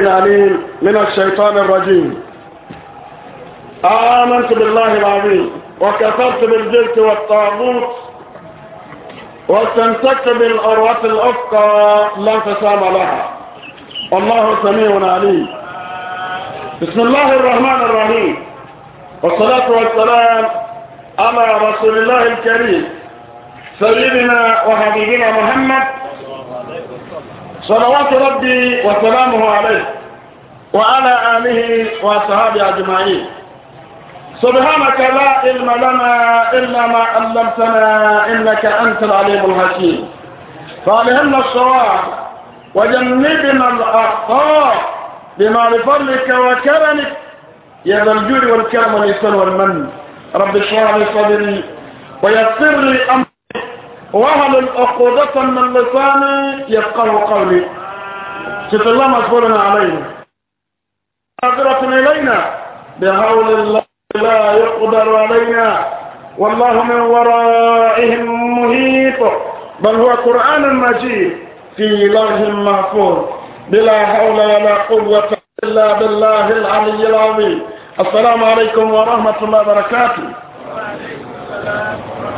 العليم من الشيطان الرجيم آمنت بالله العظيم وكفرت بالجلد والطاغوت واستمسكت بالأروة الأفقى لا انقسام لها والله سميع عليم بسم الله الرحمن الرحيم والصلاة والسلام على رسول الله الكريم سيدنا وحبيبنا محمد صلوات ربي وسلامه عليه وعلى آله وصحابه أجمعين سبحانك لا علم لنا إلا ما علمتنا إنك أنت العليم الحكيم فعلهمنا الصواب وجنبنا الأخطاء بما لفضلك وكرمك يا ذا الجود والكرم والإحسان والمن رب اشرح لي صدري ويسر لي أمري وهل الأقوضة من لساني يفقه قولي شف الله مجبورنا علينا قادرة إلينا بهول الله لا يقدر علينا والله من ورائهم مهيط بل هو قرآن مجيد في لوح محفوظ بلا حول ولا قوة إلا بالله العلي العظيم السلام عليكم ورحمة الله وبركاته وعليكم السلام ورحمة الله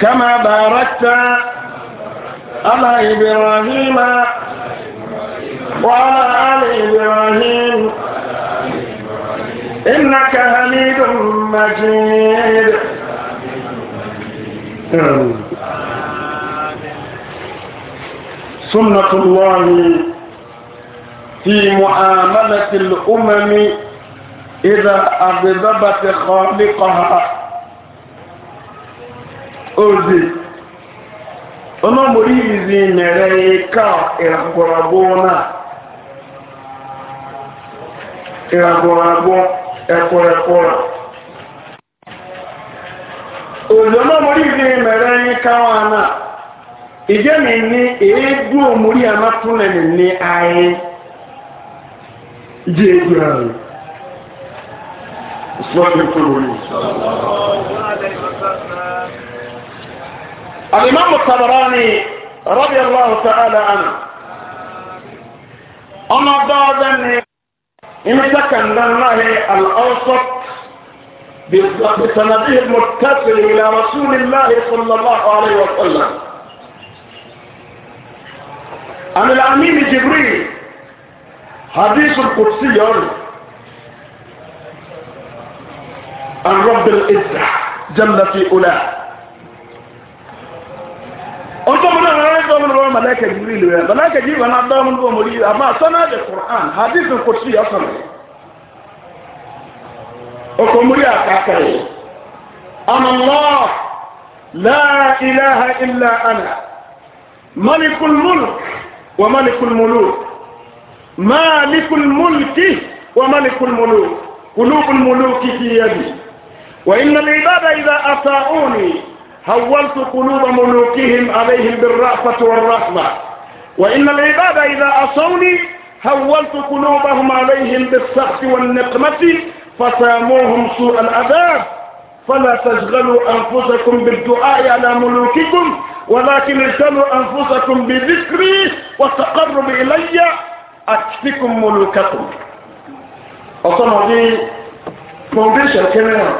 كما باركت على إبراهيم وعلى آل إبراهيم إنك حميد مجيد سنة الله في معاملة الأمم إذا أغضبت خالقها ozi ọlọ́gbọ̀rí ìzì mẹ̀rẹ̀ ẹ̀ka ìràgbọ̀ràgbọ̀ náà ìràgbọ̀ràgbọ̀ ẹ̀kọ̀rẹ̀kọ̀rà òjò ọlọ́gbọ̀rí ìzì mẹ̀rẹ̀ ẹ̀ka wà náà ìjẹ́ mi ní èédú òmùrí àmátúnlẹ̀ anyị ní ayé jẹ́ èdú الإمام الطبراني رضي الله تعالى عنه أما بعد أن امتكن لله الأوسط بسنده المتصل إلى رسول الله صلى الله عليه وسلم عن الأمين جبريل حديث القدسي عن رب العزة جل في أولاه ọjọ́ mọ́lá rẹ̀ rẹ̀ sọ́nà lọ́wọ́ mọ̀lẹ́kà jibril rẹ̀ mọ̀lẹ́kà jibril wọn adá wọn bọ́ mọ̀lẹ́ àmọ́ sọ́nà àjẹ quran hadith kò sí ọ̀sán ọkọ̀ mọ́lẹ́ àkàkà rẹ̀ ọmọlọ́ láìláha ilá ana malikul mulk wa malikul muluk malikul mulki wa malikul muluk قلوب الملوك في يدي وإن العباد إذا أطاعوني هولت قلوب ملوكهم عليهم بالرأفة والرحمة وإن العباد إذا عصوني هولت قلوبهم عليهم بالسخط والنقمة فساموهم سوء العذاب فلا تشغلوا أنفسكم بالدعاء على ملوككم ولكن اشغلوا أنفسكم بذكري والتقرب إلي أكفكم ملوككم أصلا دي فونديشن كمان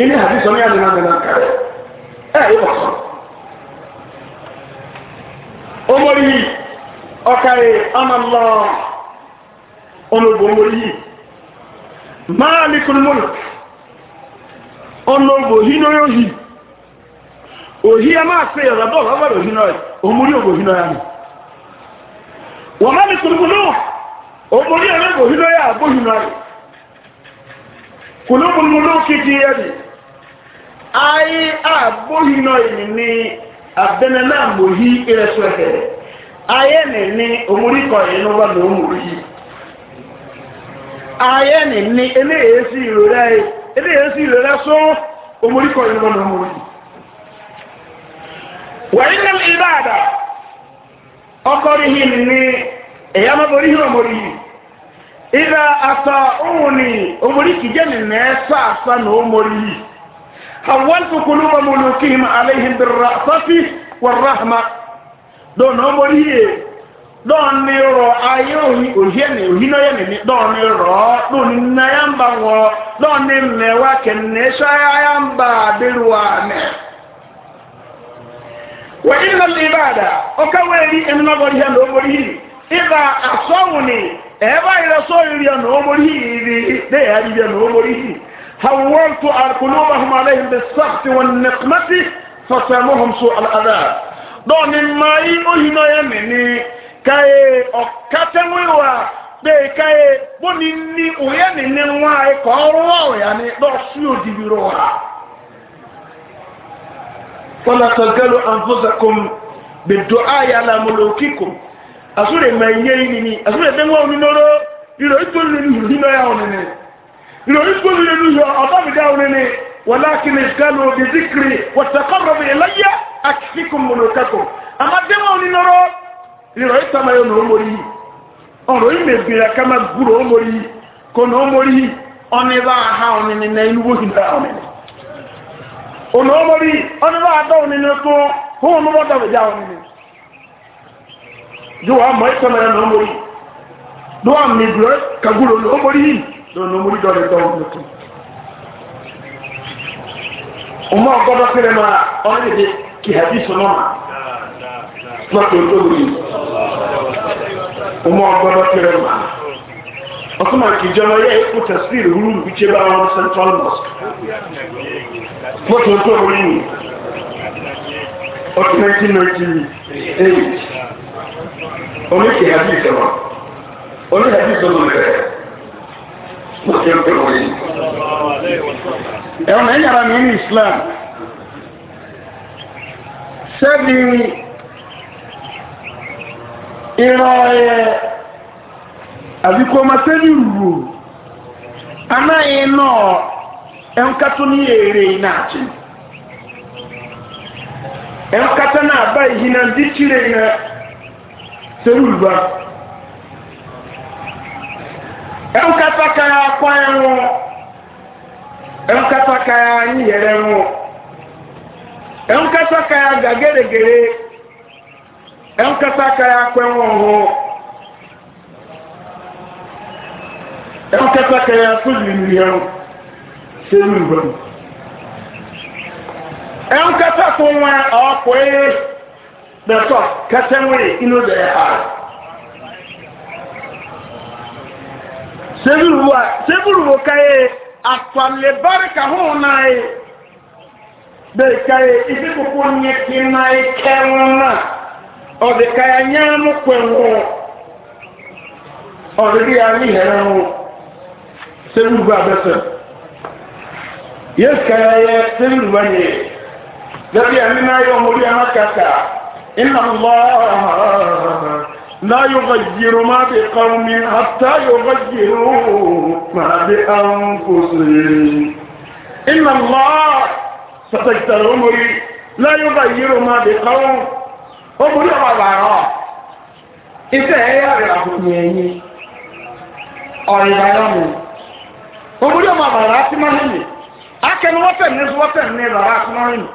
إني حديث أنا أنا أنا ẹ̀rí Omori yìí ọ̀kàrì amàlọ́ omori yìí. Máa ní kúrúmọ̀lù ọ̀nàgbò hínú yóò hì. Òhì ẹ máa omori ògbò hínú ẹ̀ wọ́n omori ọ̀nàgbò hínú ẹ̀ àbó hínú ayi abụghị nọ ni abene na mohi iresu ɛhɛ ayɛ anyị omori kɔyi no na omori ayɛ ne anyị esi irora yi ele esi irora so omori kɔyi na omori wɔyi nam ibada omori ata ohun ni ɛsa asa حولت قلوب ملوكهم عليهم بالرأفة والرحمة دون أمري دون نيرو أيوه أجيني أجيني أجيني دون نيرو دون نيامبا دون نيرو كنشا يامبا بالوامة وإن العبادة أكوالي إن نظري أن أمري إذا أصوني إذا أصوني أن أمري إذا أصوني أن أمري هولت قلوبهم عليهم بالسخط والنقمة فسامهم سوء العذاب دون ما يؤهنا يمني كاي أكتموا bẹ́ẹ̀ ká ẹ bóni ní òye nìní wọn ẹ̀kọ́ ọ̀rọ̀ ọ̀yà ni lọ́ọ̀ṣù òdìbí rọ̀ wá. wọ́n àtọ̀gẹ́lò àǹfọ̀sàkùn bẹ̀dọ̀ àyà làmúlò kíkò àsúrè mà ń yé yìí nìyí àsúrè bẹ́ẹ̀ wọ́n nínú rọ̀ ìrọ̀ ìtòlù nínú ìrìnà yà wọn nìyí. لو يقول لي أضاف داونني ولكن اشتغلوا بذكري وتقرب إلي أكفيكم ملوككم أما دموني نرى لو يتما ينهمري ọ̀rọ̀ ìmẹ̀ ìgbìyà ká máa gbúrò na inú wó ìgbà ọ̀nìní ọ̀nà ọmọrí don no muri dole to mutu umma godo kire ma onye de ki hadisu um no ma ma to to muri umma godo kire ma osuma ki jono ye ku tasbir hulu bi che ba central mosque ma to to muri o 1998 omi ki hadisu ma omi hadisu no ma ẹ̀wọ̀n ẹ̀yàrá mi ní islam sẹ́bi ìran ẹ̀ àbíkọ́ ọmọ sẹ́bi rù anáyé náà ẹnkató ní èrè ìnáàtì ẹnkató náà bá ìhìnà díkìrè náà sẹ́bi rù bá ɛnkata kaa kwan ho ɛnkata kaa nyiyɛrɛ ho ɛnkata kaa gageregere ɛnkata kaa kwan ho ɛnkata kaa fuzulimiya ho sɛwuru hɔ ɛnkata ko wa ɔkɔɛ bɛtɔ kɛtɛ nwere inu dɛ ha. seburu a seburu wo ka ye afale barika ho na ye bee ka ye ibi koko nye ti na ye kẹrin na ọdi ka ya nye mu kwẹnwo ọdi bi ya ni hẹrẹ ho seburu ba bẹ sẹ yesu ka yẹ seburu ba nye dabi ya mi na yọ ọmọdé ya na kaka ina lọ ọhọ ọhọ ọhọ. n'ahịa ụba ijeru ụma dị ka ụmụ ya hata ụba ijeru ha n'abe anwụnta ọzọ ezinụlọ ha zụtachitara ụmụ ya n'ahịa ụba ijeru ụma dị ka ụmụ. Obudu ọba ọba aro ọ, ise ha ebe ahụ na enye ọrịa ya ọmụ. Obudu ọba ọba aro atịma n'ime, a kenwu ọfé nri ọfé nri bara kumọ n'ime.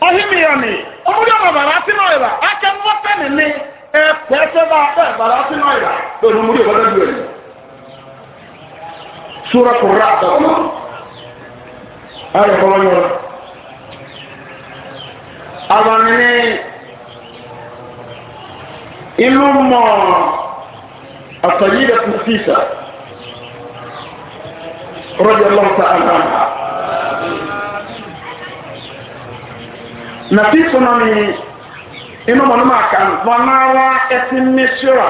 Ọ ya n'i. Obudu ọba ọba aro atịma n'ime, a kenwu ọfé ẹ pẹ́ẹ́sẹ́ bá ẹ bàrà sínú àyà lónìí mú yóò bọ́dọ̀ dùn ẹ̀ sóra kò rà àtàkùn ayọ̀ kọ́wọ́ yọrọ. àwọn ní ìlú mọ̀ àtàyídà kù sísà rọ́jà lọ́ta àlàmà. na fi sunani ima mɔno mu aka no wɔn ara ɛte mesora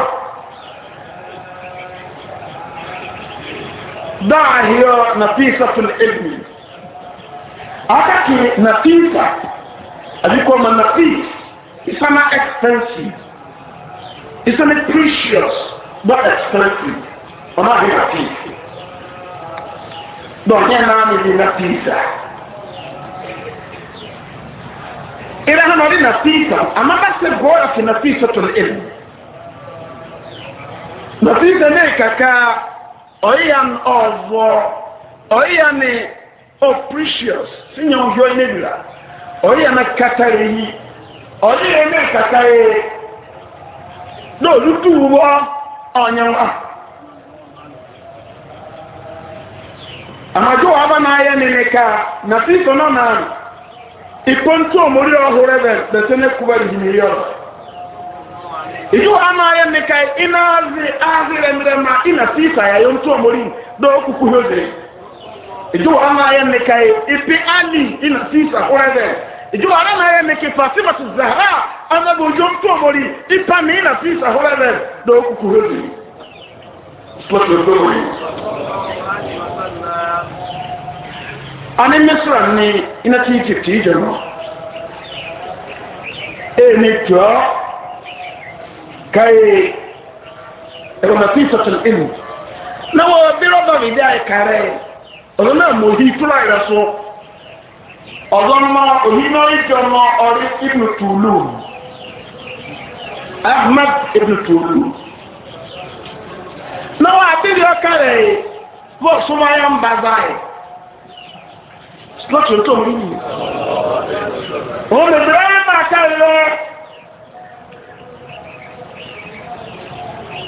daahiɔ nafisa tun ebili akaki nafisa abi kɔ ma nafis isana expensive isana precious but expensive ɔno ahi nafis dɔn nyɛ naa mi di nafisa. إذا أنا نريد نفيسة أما بس الجوع في نفيسة العلم نفيسة ليك كا أيان أوفو أيان أو بريشيوس سنيون جوي نبلا أيان كتاري أيان كتاري لو لتوبة أيان أه أما جوع أبا نايا نيكا نفيسة نانا ikonto omori ọhụrụ ebe bete ne kuba milion idu ama ya ne kai ina azi azi remre ma ina sisa ya yo nto omori do okuku hode idu ama ya ne kai ipi ali ina sisa horebe idu ara na ya ne ke fatima tu zahra ana bo yo nto omori ipa mi ina sisa horebe do okuku hode Slot of the ani misra ni ina ti egypt yi jẹ lọ èmi jọ káyé ẹ̀rọmọ̀tì sọ̀tún ìlú náà wọ́n bí rọ́bà mi dé àyíká rẹ̀ ọ̀dọ́ náà mo hi kúrò àyẹ̀ so ọ̀dọ́ mọ́ òhì náà ìjọ mọ́ ọ̀rí ibnu tùlù ahmed ibnu tùlù náà wọ́n àbírí ọ̀kà rẹ̀ bọ́ọ̀sùnmáyà ń bàbá yìí lọ́tí tó rí yìí òun lè bẹ̀rẹ̀ ẹ̀ máa ká lọ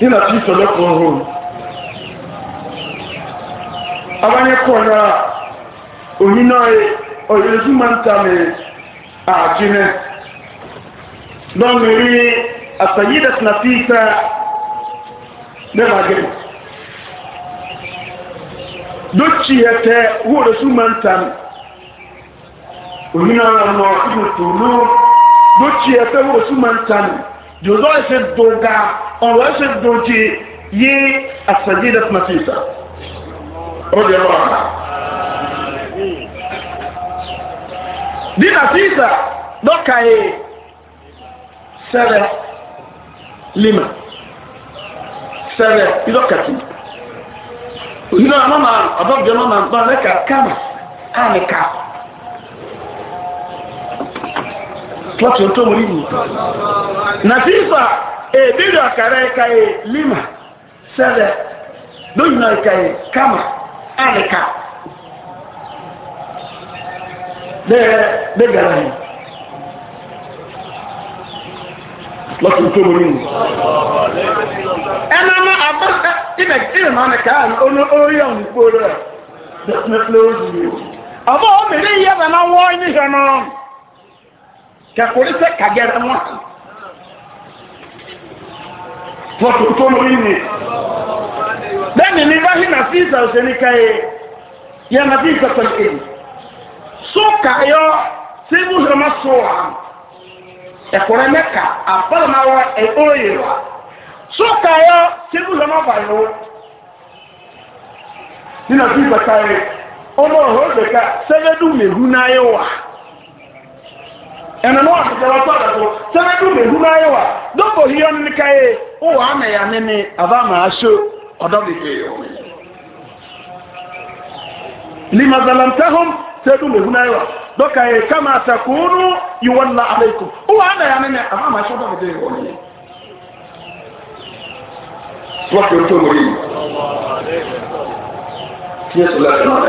nínú àti ìsọ̀lọ́pọ̀ ohun abáyẹ́kọ̀ náà òní náà ọ̀yẹ́ ojú máa ń ta mi àjínẹ́ lọ́nà rí àtàyídà tí na fi ìta lẹ́nà agẹ́rẹ́ lọ́tí ẹ̀tẹ́ wọ́n lè tún máa ń ta mi onyina lɔrɔ ibi tòló lótsi ɛfɛ wo suma ntani dodo ɛsɛ doga ɔlɔ ɛsɛ doje ye asadi dɛ kuma fi sa o de lɔ ara dina fi sa dɔka ye sɛbɛ lima sɛbɛ idɔkati onyina lɔrɔ ma ɔbɛ bi lɔrɔ ma ba lɛ ka kama a lɛ láti ọ̀tọ́ mú Na mi nàfífà èbèrè àkàrà ẹ̀ka ẹ̀ lima sẹ́rẹ̀ lóyún ẹ̀ka ẹ̀ kama àlìkà bẹ́ẹ̀ bẹ́ẹ̀ gàrà yìí láti ọ̀tọ́ mú rí mi. ẹnu ọmọ abọ́sẹ̀ ibẹ̀ ìrìn máa nìkan àná orí ọ̀hún kúrò rẹ̀ lórí yìí. ọ̀bọ̀ ọ̀mìnirí yẹ́ bẹ̀ náà wọ́ ẹ̀ kakuri sɛ kagɛrɛ mu a wɔtoto no yi ni bɛni e ni bahi na fi sa ose ni kaye yɛ na fi sa pɛlɛ yi so kayɔ sebu hɛrɛma so a ɛkɔrɛ mɛ ka abala ma wa so kayɔ sebu hɛrɛma ba yi wo ni na fi sa kaye ɔmɔ hɔ bɛ ka sɛbɛdu mehu na ye ɛnɛ no ɔtete wa tɔ dɛso sɛbɛ du mehu na ayɛ wa dɔbɔ hiɛ no ne kae wo wɔ ama ya ne ne ava ama ahyɛ ɔdɔ bebree wɔ lima zalamtahum sɛdu na wa dɔka yɛ kama takunu yuwalla aleikum wo wɔ ama ya ne ne ava ama ahyɛ ɔdɔ bebree wọ́n yóò tó wọlé yìí tí yẹn sọ lọ́sọ̀rọ̀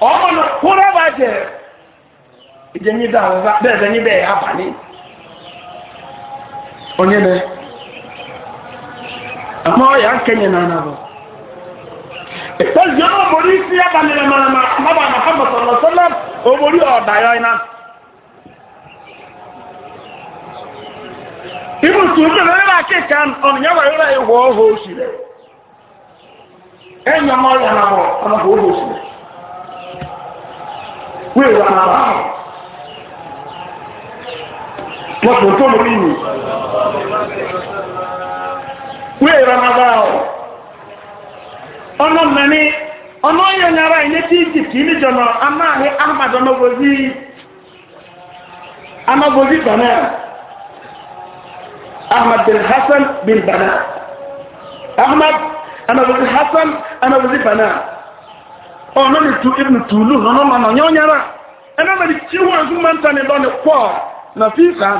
ọmọ náà a bàjẹ́ ìjẹyìn dá àwọn bá bẹ́ẹ̀ bẹ́ẹ̀ níbẹ̀ abalị, onye bẹ́ẹ̀ àmọ́ ọ̀yà ń kẹ́yìn náà nàbọ̀ ìtọ́jú ọmọ borí sí abalẹ̀ mọ̀nàmọ́ àbábà mọ̀hámà sọ̀rọ̀ sọ́lá òborí ọ̀dà yọ iná. ibu tùdú lórí akíkà ọ̀nìyàwó ayọ́rọ̀ ìwọ̀ ọ̀họ̀ òṣìlẹ̀ ẹ̀yìn ọmọ ọ̀yà ọ̀nà wíì wà nàrà pọ̀tù tó lórí mi wíì wà nàrà ọ̀nà mẹ́ni ọ̀nà ọ̀yọ̀nyàrá ilé tí egypt ní jọ̀nà amáhẹ́ ahmad ọ̀nàbọ̀dí ọ̀nàbọ̀dí bàná ahmad bin hassan bin bàná ahmad ọ̀nàbọ̀dí hassan ọ̀nàbọ̀dí bàná ọ̀nà ni tu ibn tulu nọ̀nà nọ̀nà nyọ́ nyara ẹ̀nà mẹ́rin tí wọ́n ẹ̀sùn máa ń tani lọ ní pọ̀ na fi sàn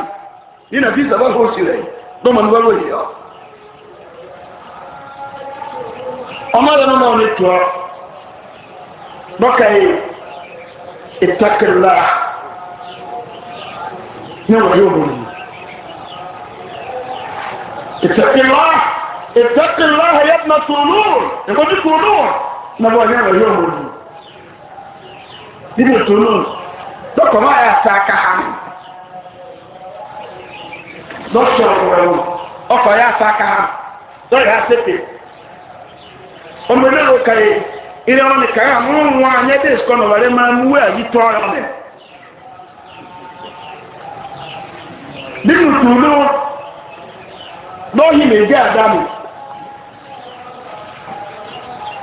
ní na fi sàn bá rẹ̀ lọ́mọ ní wọ́n yìí ọmọ rẹ̀ náà ní tu ọ́ bọ́kà yìí ìtakìlá ní wọ́n yóò wọ́n yìí ìtakìlá ìtakìlá yẹ́ na tùlù ẹ̀kọ́ ti tùlù lọ́wọ́ ní ọ̀rọ̀ yóò wọ̀nyí níbi ètò náà dọ́kọ̀ máa yà sá aka ha dọ́kítọ̀ ọ̀rọ̀ ọkọ̀ yà sá aka ha dọ́kítọ̀ yà sépè ọmọ náà ló ka yẹ ilé wọn nìkan yà mú wọn anyẹ dé sukọ náà wọlé máa mú wẹ yí tọ́ ọ̀rọ̀ mẹ́. nínú tùlù lọ́ọ̀hìn lè dé àdámù.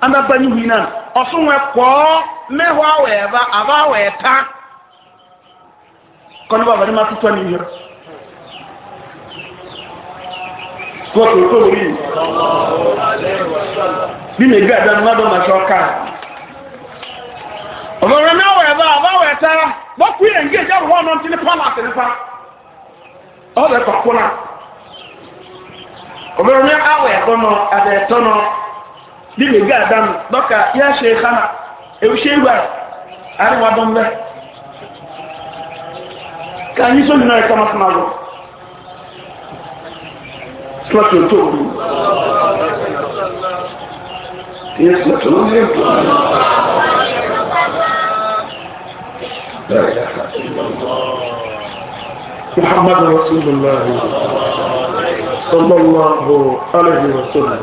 anabanyi hina ɔso wɛ kɔɔ mɛhɔ awɔ ɛba aba awɔ ɛta kɔnɔ bá bàdé ma tutɔ ni yɛrɛ kóòtù tó wòlí bí mi ma sọ ka? ọ̀bọ̀rọ̀ náà wọ̀ ɛba aba awɔ ɛta bọ́kú yẹn nọ. dime ga adam doka ya sheikhana ewu sheigwa ari wa don be ka ni so na ka mas na go slot yo to yes slot yo ne to محمد رسول الله صلى الله عليه وسلم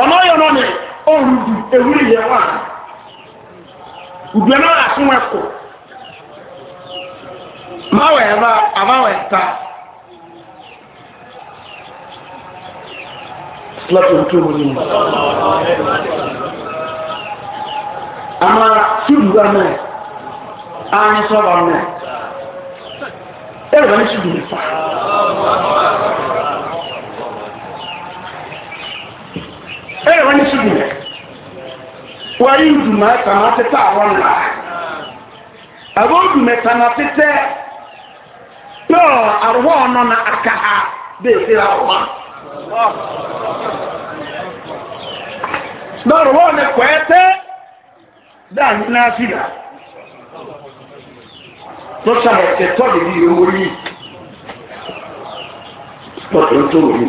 ọ̀nà ọ̀yọ̀ náà ni òòrùn dù ewúrẹ́ yẹn wà ùdùẹ̀ náà àfún ẹ̀kọ́ máwẹ̀ ẹ̀rọ àbáwẹ̀ ta láti ojú omi ni mo. àmà sílùúgbà náà àárín sọ́ọ̀bà náà ẹ̀rọ ní sílùú nípa. ẹ̀rọ wọn ní ṣùgbọ́n wọ́n yí ìdùnnà ẹ̀ka máa tẹ́tẹ́ àwọn ńlá àwọn ìdùnnà ẹ̀ka máa tẹ́tẹ́ yọ àrùwọ̀ ọ̀nà na aka ha bẹ́ẹ̀ fi ra ọ̀ma. lọ́rọ̀ wọ́n ní kọ́ ẹ tẹ́ dáàbí náà sí rà tó sábà tẹ̀ tọ́lù bí owó yìí tọ́lù tó wù yìí.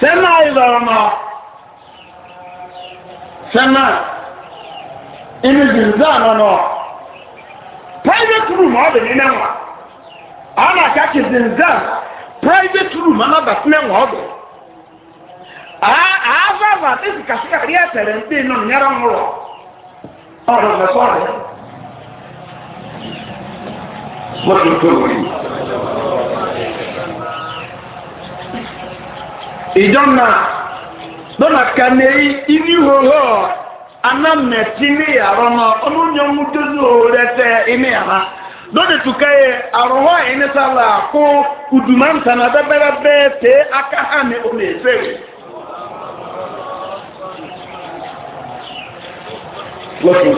sẹ́mà ìlọ́rọ̀mọ́ sẹ́mà inú jìnnìzá nọ́nà private room ọ̀dọ̀ ní mẹ́wàá àwọn àkàkì jìnnìzá private room ọ̀nàbà sí mẹ́wàá ọ̀dọ̀ àávàvà tí kàṣíkà rí ẹ̀tẹ̀rẹ̀ ń pè náà nyẹ́rọ̀ ń rọ̀ ọ̀rọ̀ mẹ́fọ́ rẹ̀ wọ́n ti tó wọ̀nyí. ìjọ́nà lọ́nà kàní iníhòhò anámẹ̀tí ní àrọ́ náà ọlọ́nyọ́mú dózó rẹ̀ tẹ iní àrá lọ́dẹ̀ tùkẹ́ yẹ àrọ́wọ́ ẹni kó kùdùmáǹtànà bẹ́bẹ́rẹ́ bẹ́ẹ̀ tẹ aka hà omi ẹ̀fẹ́ lọ́wọ́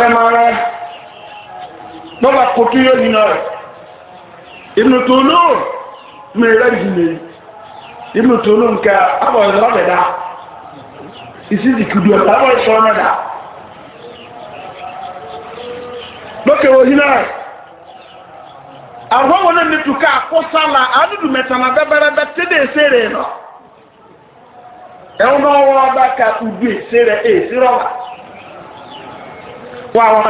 rẹ̀ máa rẹ̀ lọ́wọ́ kòtú yóò yìí náà rẹ̀. ibnu tulum mere rajimeri ibnu tulum ka abo zoro be da isi di kudu ka abo so na da doke wo hina awo na ne ka ko sala adudu tede sere no e wono wo ba ka sere e siro wa wa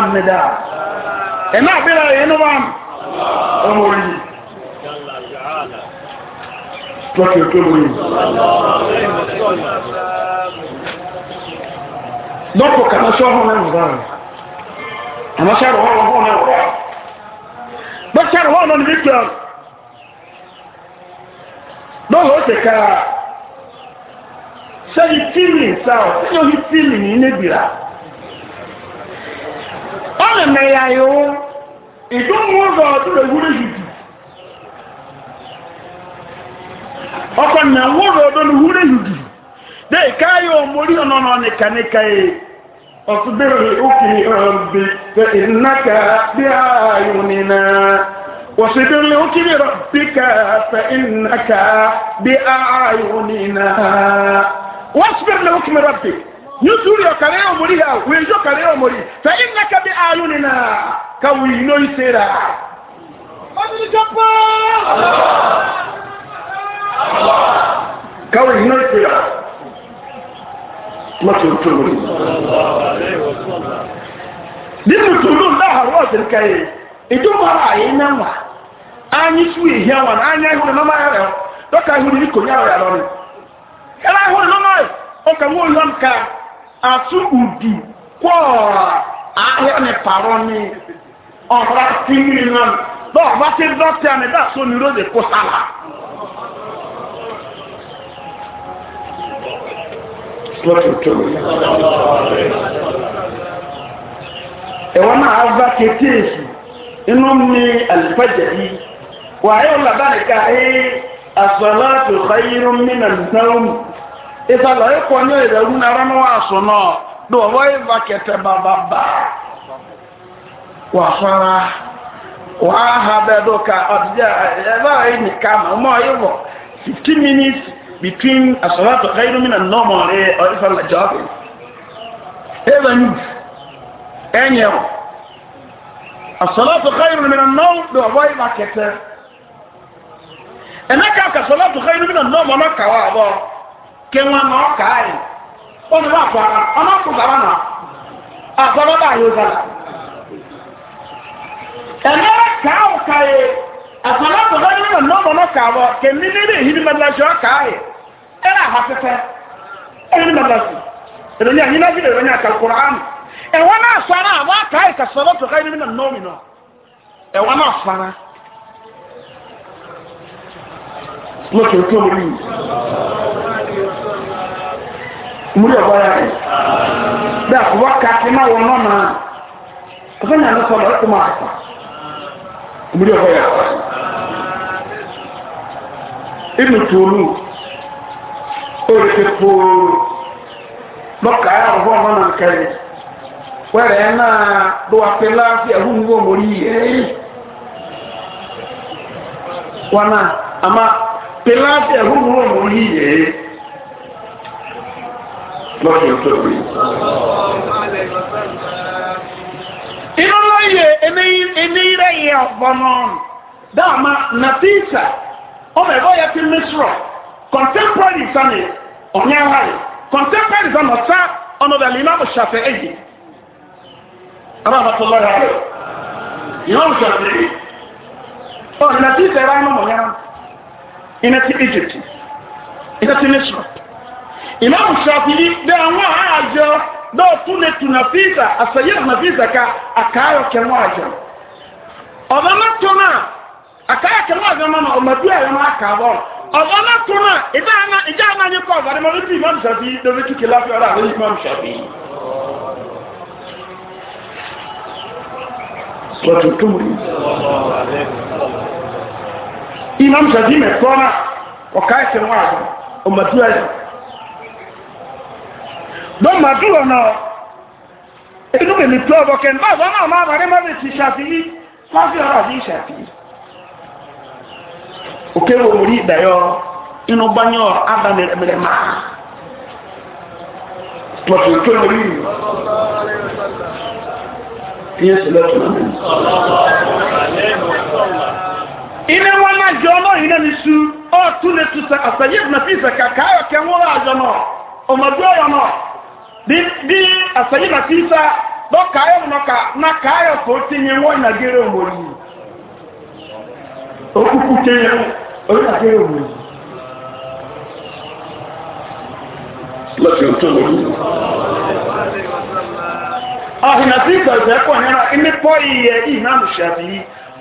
tọ́kì tó lórí lọ́pọ̀ kàmọ́sọ́ ọ̀hún náà nìbá rẹ̀ àmọ́sọ́ ọ̀hún ọ̀hún náà rọ̀ bọ́sọ́ ọ̀hún náà nìbí jọ lọ́wọ́ ó tẹ̀ka sẹ́yìn tíìlì sáà sẹ́yìn ohi tíìlì ní inébìrà ọ̀nà mẹ́yà yòó ìdúnwó ọ̀dọ̀ ọdún rẹ̀ wúlé yìí ọkọ na nwụrụ ọdọ na wúrẹ yìí dẹ káyọ ọmọrí ọ̀nà ọ̀nà nìkanìka yìí ọ̀túbẹ̀rẹ̀ òkè ọ̀bẹ fẹ ìnáka bí ayò nínà wọ̀sídẹ̀rẹ̀ òkè rọ̀bíkà fẹ ìnáka bí ayò nínà wọ́sídẹ̀rẹ̀ òkè rọ̀bí nítorí ọ̀kàrẹ́ ọmọrí yà wíjọ́ kàrẹ́ ọmọrí fẹ ìnáka bí ayò nínà káwé yìí ló ń ṣe kawai di kira masu musulmi bí musulmi láhàrú ọ̀sìn kẹyẹ ìjọba ààyè náà ihe ányí sú ìhí àwọn ányí ahìrì nọ́mà rẹ̀ dọ́kà ahìrì ní kò yára yàrá rẹ̀ yàrá ahìrì nọ́mà rẹ̀ ọkà wọ́n yọ nǹka àtú ùdù ahịa ti slọ́tù tó lè. ẹ̀wọ́n náà bá kété èsì inú mi àlùfáàjẹ̀ yìí wà á yọ làbá nìkan ẹ̀ asọ́láàtù xayírún mínà nìkan ìsàlọ̀ ẹ̀kọ́ ní ìrẹ̀rú náírà ní wàá sùn náà lọ́wọ́ wọ́n yìí bá kẹtẹ bàbàbà wà a wàá ha minutes. between asalatu khairu min an-nawm re o ifal jabi eba ni asalatu khairu min an-nawm do boy ba kete enaka ka asalatu khairu min an-nawm ma ka wa bo ke wa no ka ai on ni wa kwa ona ku ga na asalo da yo sala enaka ka o kai asalatu khairu min an-nawm ma ka bo ke ni ni ni madla sho ka ai ẹ̀rọ àhàfẹ́fẹ́ ẹ̀rọ mọ̀lẹ́sì ẹ̀rọ ní àyínlá na ẹ̀rọ ní àkàkùrọ̀ àmì ẹ̀wọ́n náà sọ́ra àwọn àtà ìkàsọ̀rọ̀ tó káyọ̀ nínú nọ́ọ̀mì náà ẹ̀wọ́n náà sọ́ra lókè tó mú yìí múlò ẹ̀kọ́ yà rẹ̀ bí àkùwá kàkí má wọn náà náà ọ̀fẹ́ ní àná sọ̀rọ̀ ẹ̀kọ́ máa fà múlò ẹ̀kọ́ yà rẹ̀ ibi tòlù. orike pooro lọ́kà àrùbọ̀ mọ́nà kẹrin wẹ́rẹ̀ náà ló wà pé láàfíà húnwó mórí èyí wọn náà àmà pé láàfíà húnwó mórí èyí lọ́kì òtòrí inú lọ́yẹ̀ enéyìírẹ̀ yẹ ọ̀gbọ́nà dáàmà nàtíìsà ọmọ ẹ̀rọ yẹ ti mísírọ̀ contemporary sanni ọ̀nyẹ́ wáyé contemporary sọ̀nà sá ọ̀nàdàlì imáàmù ṣàfẹ́ èyí arábàtọ̀ lọ́yà rẹ̀ imáàmù ṣàfẹ́ èyí ọ̀nà tí ìtẹ̀rẹ̀ ayé mọ̀mọ̀ yára iná ti egypt iná ti nisra imáàmù ṣàfẹ́ yìí dẹ́ àwọn àjọ dọ́ọ̀ tún lè tù nà fíìsà àṣàyẹ̀ nà fíìsà ká àkáyọ̀ kẹwọn àjọ ọ̀nà mẹ́tọ́ náà àkáyọ̀ kẹwọn àjọ náà ọ̀nà bí àyọ̀ náà kà á bọ̀ ọ̀dọ́ alákùnrin ìjà àmà yín kọ́ ọ̀gá ni mo rí bí imam ṣàfi lórí kíkì láfi ọ̀rọ̀ àwọn imam ṣàfi. sọ̀tún tó múlí. imam ṣàfi mẹ́kọ́ náà ọ̀ka ẹ̀sẹ̀ wọn àgbà ọ̀mọ̀dúrà yìí. lọ́mọdúrà náà inú mi ní tó ọ̀bọ̀ kẹ́ ní báwo náà máa bàrẹ́ mọ́ okere omori dayo inu banyo ada mere mere ma pọtù tó lórí ìlú ìyẹn sọlọ tó lórí ìlú. ilé wọn náà jọ náà yìí náà ní su ọ tún lè tu sàkàsà yé na fi sàkà káyọ kẹ wọn àjọ náà ọmọdé ọyọ náà bí bí àsàyè na fi sà bọ káyọ náà ká na káyọ fòó ti yẹ wọn nàgẹrẹ òmòrì yìí. okuku kenya orílẹ̀ na òwò yìí lọ́sí ọ̀tọ́ lórí ọ̀hìnà tí ìgbàgbẹ́ pọ̀ nínú ìmípọ̀ iye ìmáàmù ṣàbí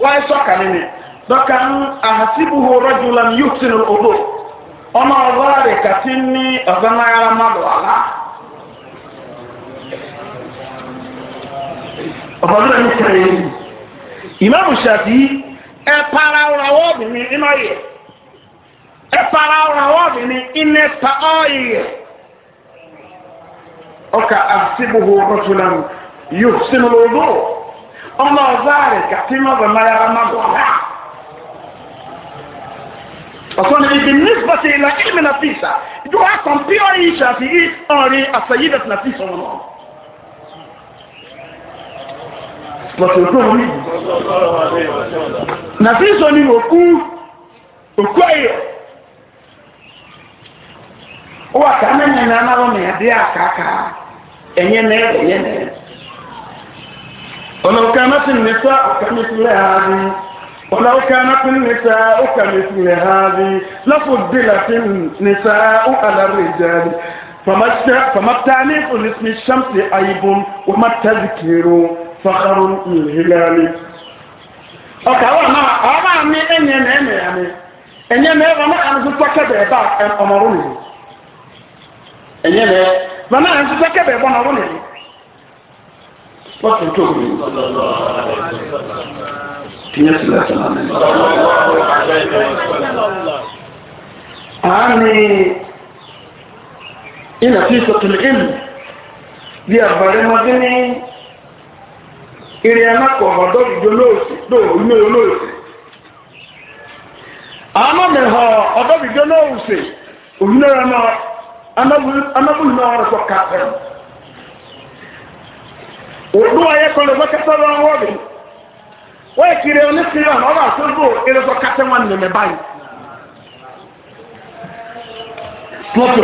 wáyé ụra ji dọ́kà ń àhàsíbùhù rọ́jùlá ní na ọzọ odò ọmọ ọba rẹ̀ kàtí ní ọ̀gá náírà má lọ àlá ọ̀bọ̀dúnrẹ̀ ní kẹrẹ̀ yìí ìmáàmù ṣàbí para ẹ̀para ọ̀ràwọ̀ ọ̀bìnrin iná yẹ ẹ̀para ọ̀ràwọ̀ ọ̀bìnrin iná ta ọ̀yẹ. ọkà àtibùhù rọ̀tùlám yóò sínú lòdù ọmọ ọ̀zá rẹ̀ kàtí mọ̀bẹ̀ mẹ́rẹ́rẹ́ má bọ̀ ọ̀há. ọ̀sán ni ibi nísbàtì ìlà ìmìnà fìsà ìjọba kọ̀m̀pìọ̀ yìí ṣàfihì ọ̀rìn àṣàyídàtì nà fìsà wọn náà. lọ́sọ̀tọ̀ orí na sí sọ ni òkú òkú ẹ̀yọ̀ ó wà ká mẹ́rin ní anáwọ̀ ní adé àkàkà ẹ̀yẹ náà ẹ̀yẹ náà ọ̀nà òkè anáfin nìsa òkè mẹ́sìlẹ̀ ha bí ọ̀nà òkè anáfin nìsa òkè mẹ́sìlẹ̀ ha bí lọ́fọ̀ dé latin nìsa òkè alárè jáde fàmátà ní onísìmí sàmsì àyíbùn wọ́n má tẹ́ zìkìrò. fakarun ilhilali ọkà wọn náà ọba na eme ya enye na ẹwà náà ẹnso pẹkẹ bẹẹ bá ọmọrún na ẹ wọn náà ẹnso pẹkẹ bẹẹ bá ọmọrún nìyí wọ́n tún tó wù mí tìyẹ ìrìn anákọ̀ ọ̀dọ́ ìjọ lóòsì lóòrùn olóòsì àmọ́mẹ̀họ̀ ọ̀dọ́ ìjọ lóòsì òmìnira náà anábùlù náà rẹ̀ sọ kàfẹ́ òdú ayé kan lè wọ́n mi wọ́n kiri ọ̀nà àtúntò sọ wọn báyìí wọ́n ti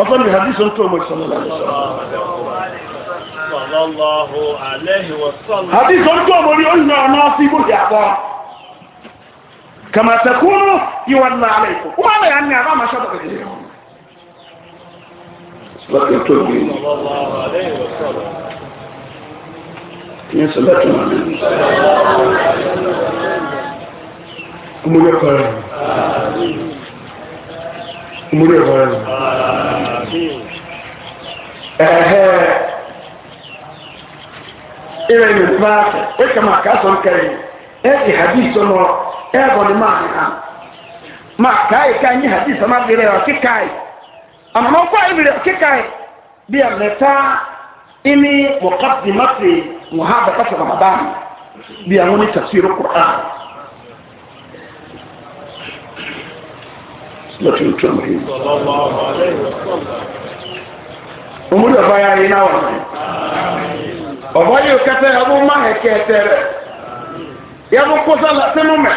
أظن حديث أنتم صلى الله عليه وسلم حديث أنتم لأننا ناصب الإعضاء كما تكون يولى عليكم وهذا يعني أعضاء ما شبك إليهم صلى الله عليه وسلم يا صلاة الله عليه وسلم múlẹ̀ ìwọ̀n rẹ̀ ẹ̀hẹ́ ìrẹ̀ ìrìnfà ó kàmà kásán kẹrin ẹ̀ sì hadith sọ́nà ẹ̀ bọ̀ ní máa nìkan máa káyì káyì ní hadith sọ́nà bẹ̀rẹ̀ ọ̀kí káyì àmọ́ kọ́ ìbẹ̀rẹ̀ ọ̀kí káyì bí i àmẹ́ta ìní wọ̀kọ́ dìmọ́sì wọ̀há bẹ̀kọ́ sọ̀rọ̀ bàbá mi bí i àwọn onítàsí ìrọ̀ kùrọ̀ lọ́tún ìtura mọ̀ yìí. Òmùdó ọba ya yìí náà wà ní. Ọ̀bọ yìí kẹtẹ ọbọ má hẹ̀kẹ́ ẹtẹ rẹ̀. Yẹ́bù kọ́sá láti mú mẹ́.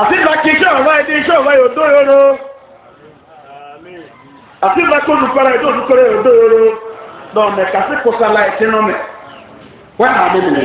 Àti ìbákí iṣẹ́ ọ̀rọ̀ ẹ̀dí iṣẹ́ ọ̀rọ̀ yóò dó yóró. Àti ìbákí olùkọ́ra ẹ̀dí olùkọ́ra yóò dó yóró. Dọ̀mẹ̀ kàtí kọ́sá láti mú mẹ́. Wọ́n á mú mi.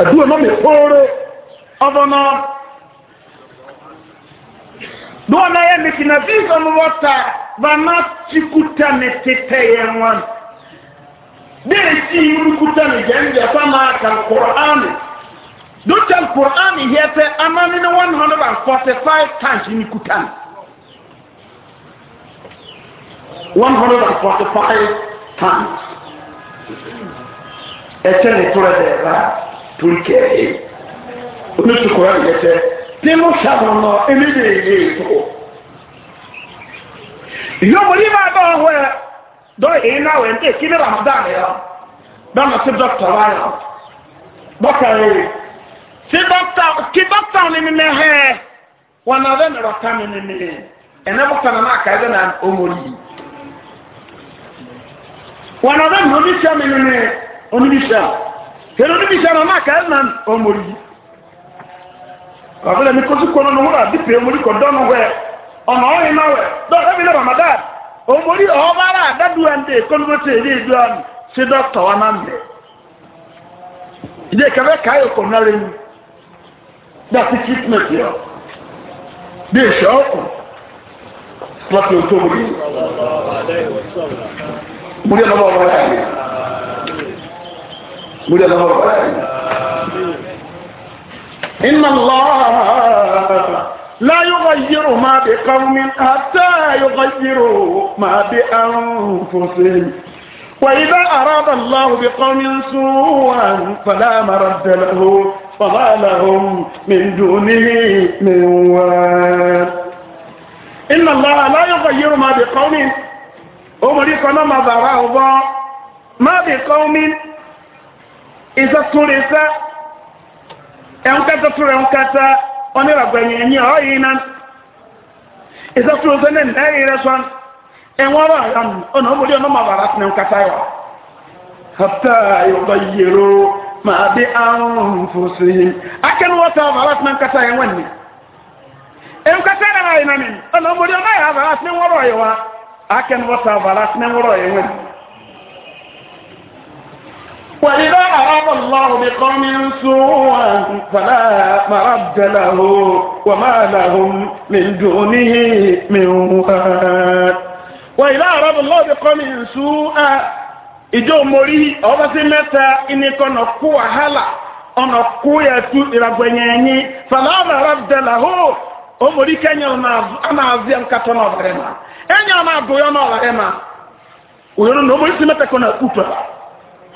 àdúrà náà mi kóore ọbọ náà dúwọ́ náà náà bí ìsọ̀nù wọ́ta bá náà ti kúta mi ti tẹ̀ yẹn wọn bẹ́ẹ̀ sí irú kúta mi jẹ́ ń fún àmà kan kùránì dókítà yẹ fẹ́ ní one hundred and forty five times ní kúta one hundred and forty five times tó rẹ̀ bẹ̀rẹ̀ turke ye onu tukura de yɛtɛ tinu sabu nɔ emi de ye to yomori ma dɔn wɛ dɔ eyi na wɛ nte kini ramadan yɛ dɔnna si dɔkita wa yɛ dɔkita ye si dɔkita ki dɔkita ni mi mɛ hɛ wọn na bɛ nɔrɔ ta mi ni mi ɛnɛ bɔ kana n'a ka ɛdɛ na omori wọn na bɛ nɔrɔ mi sɛ mi ni mi oni bi hero ni bishara na ka nan omori abula mi kosu kono no ra dipe omori ko don we ona o na we do e bi na ramadan omori o bara da du ande kono mo te ri du an si doctor wa nan be ide ka be kayo ko na re da ti treatment yo de sho ko slap yo to mo ni mo ni na ba wa ya múlẹ̀ lọ́wọ́ bàbá yìí. Inna Allah la yughayyiru ma bi qawmin hatta yughayyiru ma bi anfusihim. وإذا أراد الله بقوم سوءا فلا مرد له فما لهم من دونه من واد إن الله لا يغير ما بقوم أمريكا ما ضراه ما بقوم izatulisa enkata tula enkata oniragwanyenye oyina izatulusa nendayireswa enwaba yam ono na ono mabarasina enkata ya hatta yugayiru ma bi anfusihim akenu wata mabarasina enkata yenwenni enkata era bayinani ono omuli ono yabarasina enworo yowa na wata mabarasina enworo وإذا أراد الله بقوم سوءا فلا مرد له وما لهم من دونه من واد وإذا أراد الله بقوم سوءا ijo mori ọba sí mẹta inikọ nọ kú wàhálà ọnà kú ma ma mẹta na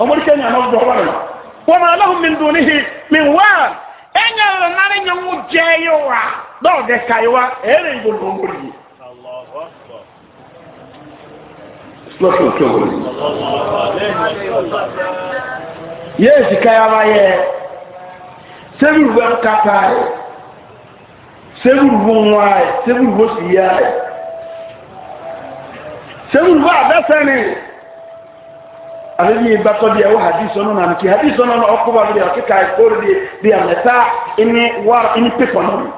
ọmọdé kẹ́ni àná ọdún ọwọ́ rẹ̀ wọ́n máa lọ́hùn mi dùn níhi mi wá ẹ̀yẹ lọ́nàrẹ́ yẹn ń jẹ́ yìí wá lọ́ọ̀dẹ̀ ká yìí wá ẹ̀rẹ̀ ìbò ló ń wò yìí. lọ́sọ̀ tó wọlé. yéé sika yà bá yẹ sẹ́bìrì wọ́n kápá yẹ sẹ́bìrì wọ́n wá yẹ sẹ́bìrì wọ́n sì yá yẹ sẹ́bìrì wọ́n abẹ́sẹ̀ ni. abin ba to biya wa hadisi no nan ki hadisi no no ko ba biya ki kai ko di biya meta ini war ini pe ko no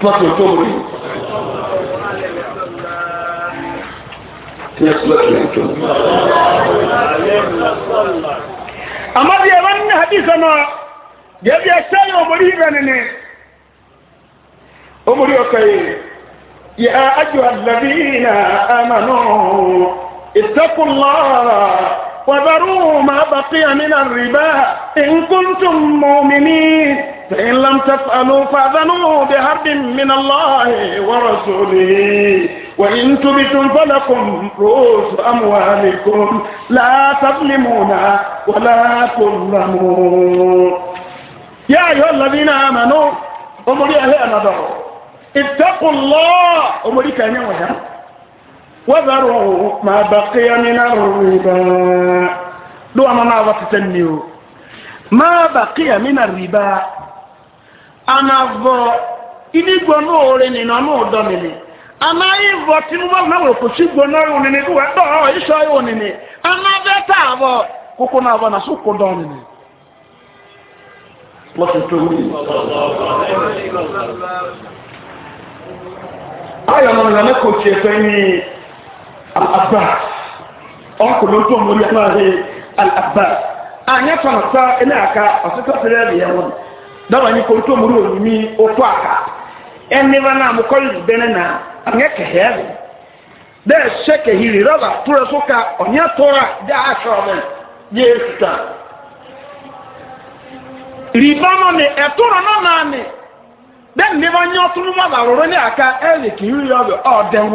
slatu to muri ya slatu to amma biya wannan hadisi no ya biya sai o muri ran ne o muri o kai ya ayyuhal ladina amanu اتقوا الله وذروا ما بقي من الربا إن كنتم مؤمنين فإن لم تفعلوا فأذنوا بحرب من الله ورسوله وإن تبتم فلكم رؤوس أموالكم لا تظلمون ولا تظلمون يا أيها الذين آمنوا أمري أهل اتقوا الله أمري كان يوم وذروا ما بقي من الربا دو انا ما وتتنيو ما بقي من الربا انا vo ini gbono ore ni na no do mi ni ana ivo ti mo na wo ko si gbono ore ni ni wa do ni ana ta vo na vo na so ko do ni ni lo ti mi ayo na na ko ti e al-abbas ọkùnrin tó mú yẹn máa ṣe al-abbas àyẹ̀ ah, fàǹsà ilé àká ọ̀sítọ́ sílẹ̀ ẹ̀yẹ wọn dábàá ní kò tó mú rí òní okó àká ẹni bá na mú kọ́lìsì bẹ́ẹ̀ náà àyẹ̀ kẹ̀hẹ́ rẹ̀ tụrụ ṣe kẹ̀hìrì rọ́bà túrẹ̀ sókà e ni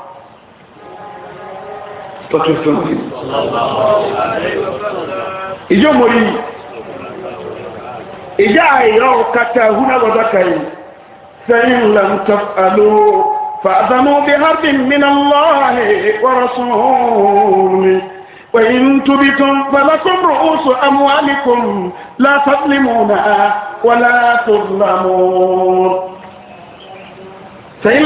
tọ́tún sọ́nsì ìjọ mọ̀rí ìjá àìyọ́ kàtà húnà lọ́dọ́ kàí sẹ́yìn lẹ́ntọ́ àlò fàdánù bí harbin min allah warasuli وإن تبتم فلكم رؤوس أموالكم لا تظلمون ولا تظلمون فإن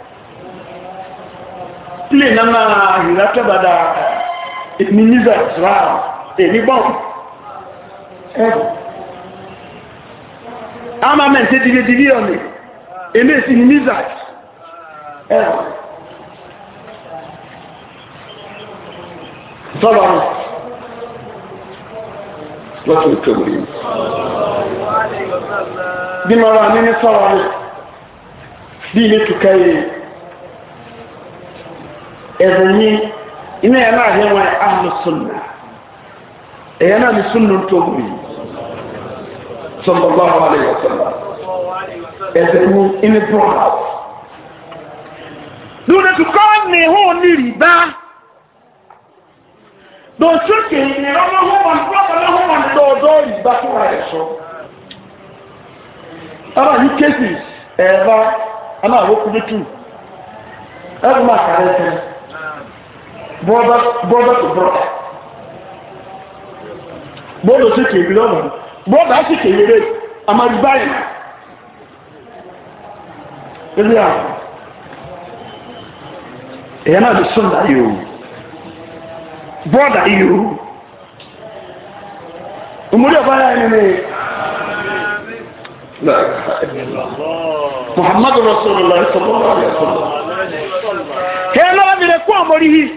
plane náà máa ìrà tẹ́bàdà mínísà israel èmi bọ́n ẹ̀rù armament dìde dìde ọ̀nà èmi èsì ní mínísà ẹ̀rù sọ́bà wọn lọ́tún ìtòwò yìí bí mọ́ra ní ní sọ́bà bí ilé tukẹ́ yìí ẹ̀sìn yìí iná yẹn náà yẹn wọn ahùsùnà ẹ̀yẹ náà ní sùnà tó wù yìí sọlọ́gbà wà lẹ́yìn sọlá ẹ̀sìn wù ní pọ́nà. Dúró tó kọ́ ní hó ní rìbá. Dòtú kìí ní ọmọ hóhùn pọ́pọ́ náà hóhùn dọ̀dọ̀ rìbá fún ẹ̀ sọ. Ọba yìí kéésì ẹ̀rọ anáwó kúrẹ́tù ẹ̀rọ máa kàrẹ́ sẹ́yìn bọ́ọ̀bá tó bọ́ọ̀dà bọ́ọ̀dà sí kèwé lọ́nà bọ́ọ̀dà sí kèwé rẹ̀ àmàlì báyìí ilé àwọn èèyàn náà lè sọ́nà yìí o bọ́ọ̀dà yìí o òmùdí ọ̀bá yà ni mi muhammadu Rasulullah. sallallahu alaihi wa sallam kẹ́ẹ́ lọ́wọ́ mi lè kó àmọ́rí yìí.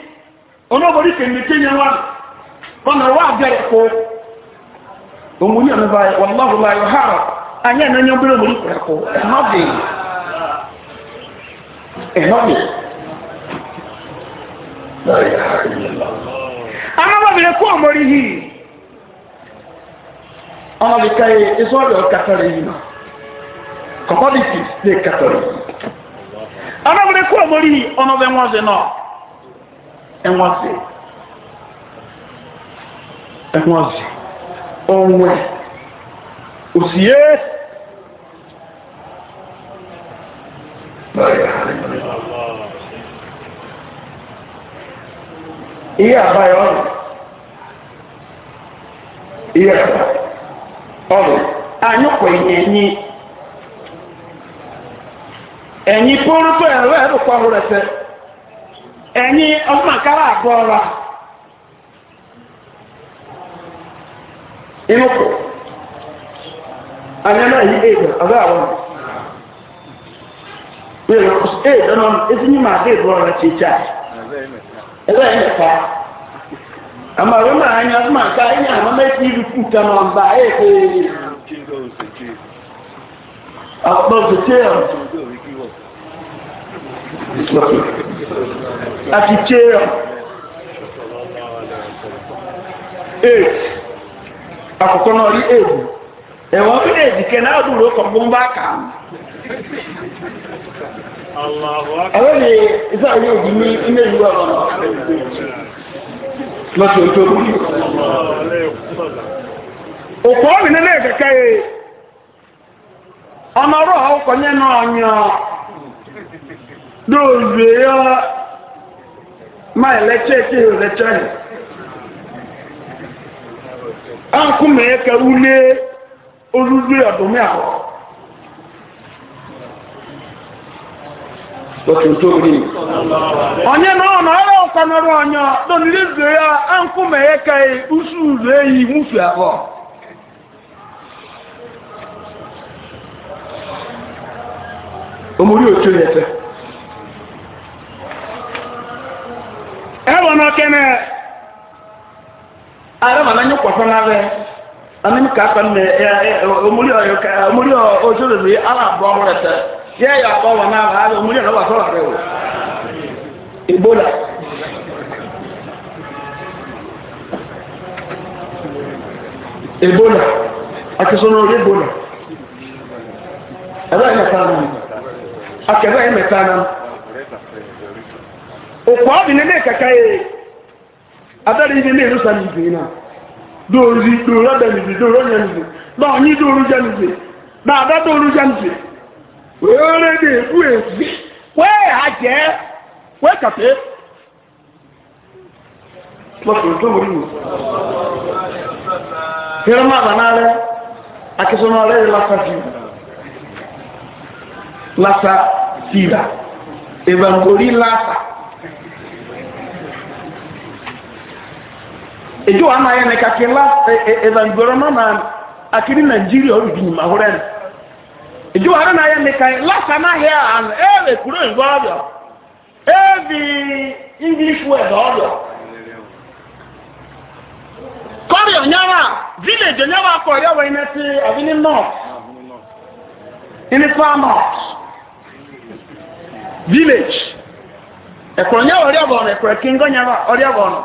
onobodi kemi kenya wa kɔnɔ wa gɛrɛ ko omuni ɔmi ba yɛ wɔlɔri la yɔ anya na nyɔn bere omuni kura ko ɛnɔ bi ɛnɔ bi anaba bi ko omori hi ɔnɔ bi ka ye isɔri ɔkatɔri yi ma kɔkɔdi ti de ko hi ẹnwọsẹ ẹnwọsẹ ọnwẹ òsìyẹ iye àbáyọ ọrùn iye àbáyọ ọrùn anyọkọ ẹyìn ẹyìn pọrọpọ ẹrọ ẹrọ kọ ọhúrẹsẹ. ẹ̀yin ọmọ àkàrà àgọ́ ọ̀ra inú kò àyàn náà yí èèdè ọ̀gá àwọn èèdè èèdè náà ètí ní màá dé ìbú ọ̀ra ti jà ẹgbẹ́ yìí nìka àmọ́ àwọn ọmọ ẹ̀yìn àmọ́ mẹ́tì ìlú kù tẹ̀ mọ̀ nbà èèdè ọ̀pọ̀ òṣèṣe ọ̀ akicheo eight akụkọ n'ọrụ egwu enwe ọkụ na-eji kene adụrụ ụkọ bụ mba aka enweghị ife anyị ime ọrụ ọrụ nye those wey my lecture ke yo lecture ni an kuma ya ka wule olugbe ọdunmi awọ lọ́tún tó rí ọ̀nyẹ́ náà nà ọ́rọ̀ ọ̀kanọ́rọ̀ ọ̀nyọ́ lónìí lè ya á ń kú mẹ́yẹ́ ka ẹ̀ úsù rẹ̀ yìí múfì àwọ̀ omori òtún yẹtẹ́ ẹwọ náà kẹnẹ ara màmá nyẹ kọfọ n'abẹ ọmọ mi kàá ẹ ọmọlẹ ọyọ ọmọlẹ ọjọlẹ mi ala yẹ ẹ yọ abọ wọn náà wà á lọ ọmọlẹ ọwọ sọlọ rẹ o ebola. ebola ebola mẹta mẹta òkú ọ̀dì na kẹ̀kẹ́ yìí abẹ́rẹ́ ihe ní ìrúsà nìgbè náà dòrò dòrò ọ̀dẹ̀ nìgbè dòrò ọ̀yẹ̀ nìgbè náà ní dòrò jẹ́ nìgbè náà abẹ́ ndị jẹ́ nìgbè wéèrè dè fú èsì wéè àjẹ́ wéè kàfé. lọ́kùnrin tó wọlé wò. ejo wa na ya ne kakila na na akiri nigeria ori ma na ejo na ya ne kai last time i hear an e, kuro ngo e, english word ọrịa. kori nyara village onyara ko ya we ne ti abini north far north village kingo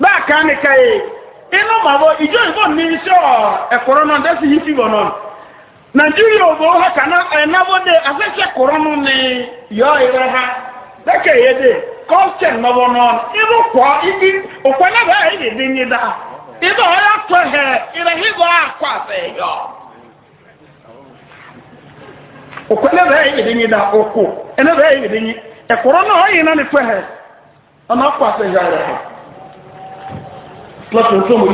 báàkà nìka yìí inú màbọ ìjọ ìbò ní iṣẹ ẹkọrọ náà dẹsí yìí fìbọn náà nàìjíríà òbò ha kàná ẹnáwọdé afẹsẹ kọrọ nù ní yọ ìrẹ ha lẹkẹ yẹ dé kọlchẹn màbọ náà inú kọ ibi òkọ náà bẹ́ẹ̀ yìí dín ní dá ọ̀yà yọ náà bẹ́ẹ̀ yìí ní dá bẹ́ẹ̀ yìí ní náà lọ́tún tó mú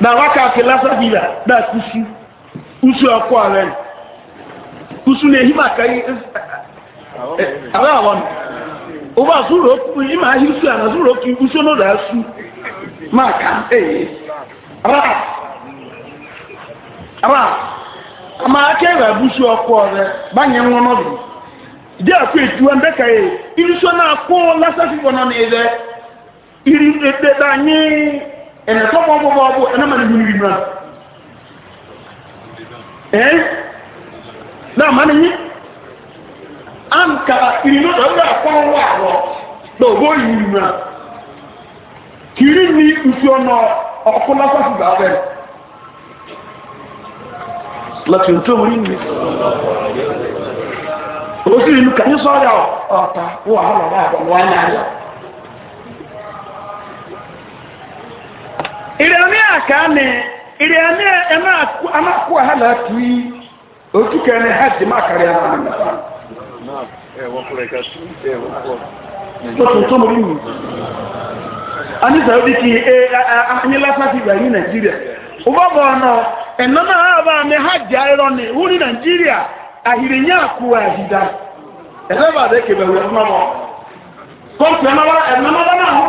na wákà kí lásàbílà náà kú sí úsù ọkọ̀ ọkụ ọrịa lè na màkà yí àwẹ́ àwọn ọba súrò yí máa hí úsù àná súrò kí úsù náà rà sú màkà èyí rà rà àmà ọkụ búsù ọkọ̀ ààrẹ báyẹ̀ dị akwa etu mbe ka iri so na akụ lasasifọ nọ n'ile iri ekpebe anyị enetọ bụ ọgbụgbọ ọbụ enamana ee na-amana nye an ka iri n'ụlọ ọrụ ahụ na ogbo ihu nri mmadụ kiri ni usu ọnụ ọkụ lasasifọ latin tó òsì ìlú kàní sọ́ọ̀yà ọ̀tà wà á lọ́dọ̀ àbọ̀lọ́ wà ìrẹ̀mí àká ni ìrẹ̀mí ẹ̀má amákú àhálà tù í òtù kẹrin ha má kárí àwọn àmì nàfà. tó tó tó a ní sọ̀rọ̀ bí ọ̀nà ẹ̀nà náà ni Ahiri nye àhìdá ẹ̀fẹ́ ezeba dé kébẹ̀ wẹ̀ ọmọ mọ́ kóòtù ẹ̀ máa náà mọ́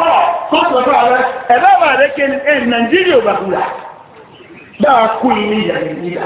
kóòtù ẹ̀ bá rẹ̀ ẹ̀fẹ́ bá dé ké ẹ̀ nàìjíríà ò bá kúrà dáa kú ìní ìyà nàìjíríà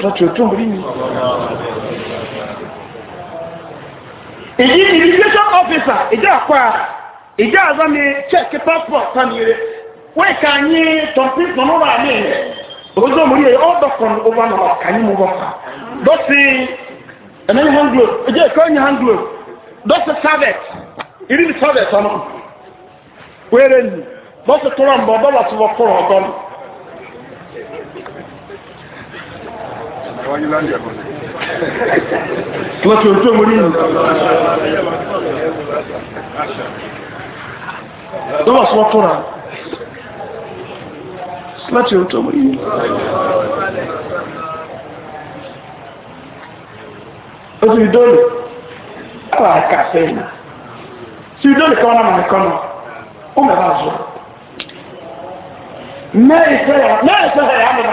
lọ́tí òtún rí ni èyí ni immigration officer ìjẹ́ àpá ìjẹ́ àzá ni check passport tánire wọ́n ìka anyi tọ̀mpín tọ̀nọ́rọ̀ àmì ẹ̀ òjò mòrí ẹ̀ ọ́ dọ̀kan over nọ̀ kàní mú bọ́fà dọ́sí ẹ̀mẹ́ni hand glove ìjẹ́ ìkọ́ ẹ̀yìn hand glove dọ́sí servet ìrí servet ọ̀nà wẹ́rẹ́ ni dọ́sí tọrọ mbọ̀ bọ́lá tó wọ́ kọ́rọ̀ ọ̀dọ́nù láti ojú ọmọ ní ìlú lọ́wọ́ sọ tọ́ra láti ojú ọmọ ní ìlú ó ti dọ́lù àwọn àkàfẹ́ ìlú ti dọ́lù kan náà mọ̀ náà ó mẹ́ta zọ mẹ́ ìfẹ́ yà mẹ́ ìfẹ́ yà mọ̀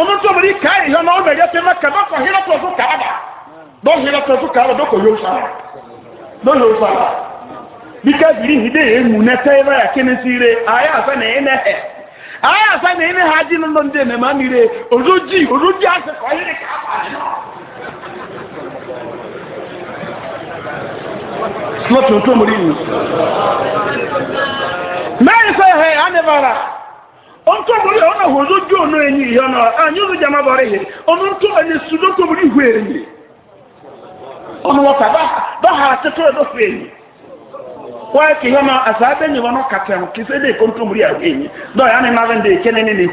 ọmọ tó mọ̀rí ká ìyọ́nà ọmọ ẹ̀yẹ́ tẹ́ mẹ́kẹ́ lọ́kọ̀ hírọ́tọ̀ tó kàábà lọ́ hírọ́tọ̀ tó kàábà lọ́kọ̀ yóò sára lọ́ yóò sára bí kábìrì ìdè èmù nẹ́tẹ́ ẹ̀rọ yà kíni sí ire ayé àfẹ́ nà ẹ̀yẹ́ nẹ́hẹ̀ ayé àfẹ́ nà ẹ̀yẹ́ ha jí nínú ndé nà máa mire òrójì òrójì àṣẹ ontomori ona hozo jono enyi yona anyuzu jama barehe ono to ene ọ na buri hwenyi ono wata ba ba ha te to do fenyi kwa ki yona asabe ni wono katem ki se de enyi. ya ne na vende kenene ne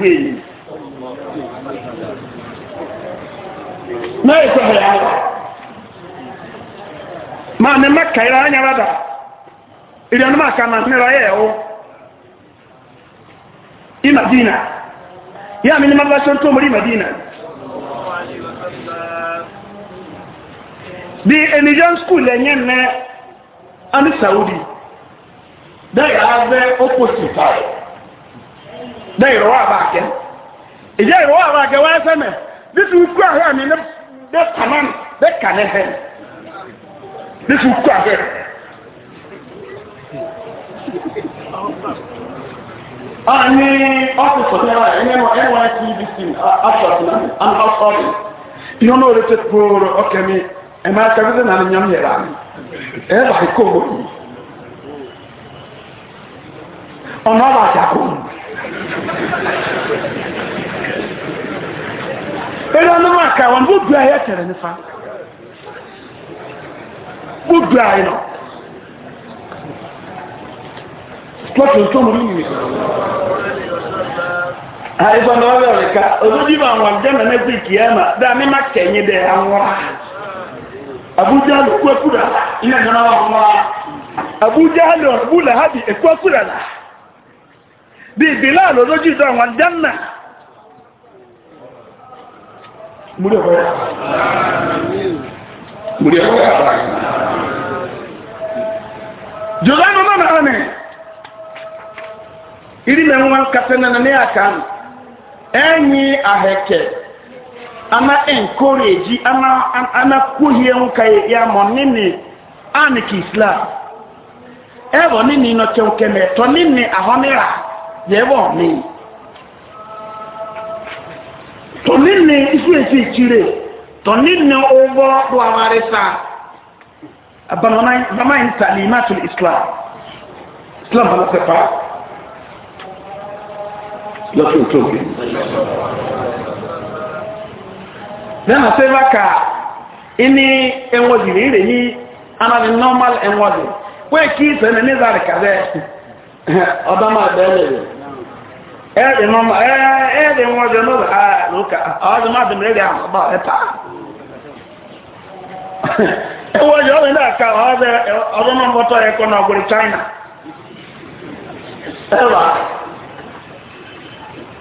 na ya ma anya ní madina yá mi ní mọ́láṣọ́ tó mọ́rí madina bí enijan school ẹ̀yẹ́ mẹ́ ní saudi dẹ́yà abẹ́ opposite side dẹ́yà ìrọ̀wọ́ àbáàkẹ́ ìjẹ́ ìrọ̀wọ́ àbáàkẹ́ wáyé sẹ́mẹ̀ bí tún kú àhẹ́ àmì ní bẹ́ẹ̀ bẹ́ẹ̀kà ní hẹ́n bí tún kú ní ọ́fíìsì ọ̀tẹ́wà ẹ̀yẹ́mọ nysdc asọ̀tún and ọ̀sọ̀rì yóò náà retí kúrò ọkẹ́ mi ẹ̀ máa kẹ́kẹ́ náà ní yàn yẹ̀rà mi ẹ̀ bá ikú owó yìí ọ̀nà ọ̀bà àjàkú. ẹ̀rọ ní wọn kà wọn bó du ayé tẹ̀lé nífa bó ayé náà. slọ́tù tó mú nìyí. àìsàn náà wọ́n rẹ̀ ká olójú bá àwọn àjẹ́mẹ̀ náà fi kìí ẹ̀mà dáa mi má kẹ̀yìn dẹ̀ àwọn àbújá lò kú ẹkúrà ilé ìjọba wọn wá àbújá lò búlà hábì ẹkú ẹkúrà là bí ìbílẹ̀ àlọ́lójú ìjọ àwọn àjẹ́mẹ̀ múlẹ̀ ọ̀rọ̀ múlẹ̀ ọ̀rọ̀ jọ̀dá nínú náà nìyí. irime nwa nkata na na aka enyi aheke ana encourage ana ana kuhie nka ya mo nini aniki islam ebo nini no che ukeme to nini ahonera yebo ni to nini isu esi chire to nini obo do amarisa abanona mama intalimatul islam islam bana pa. lọ́sùn tóbi. Nínú sí bákà ní ẹwọ́dì ní ìrè yìí anáni normal ẹwọ́dì wọ́n kí sẹ́ni ní ìzàrí kàdẹ́ máa ẹ̀ẹ́dì nọ́mà ẹ̀ẹ́dì ọ̀nà lóka máa rẹ̀ ẹ̀ta. bọ̀tọ̀ ẹ̀kọ́ náà China. Ẹ̀wà. E,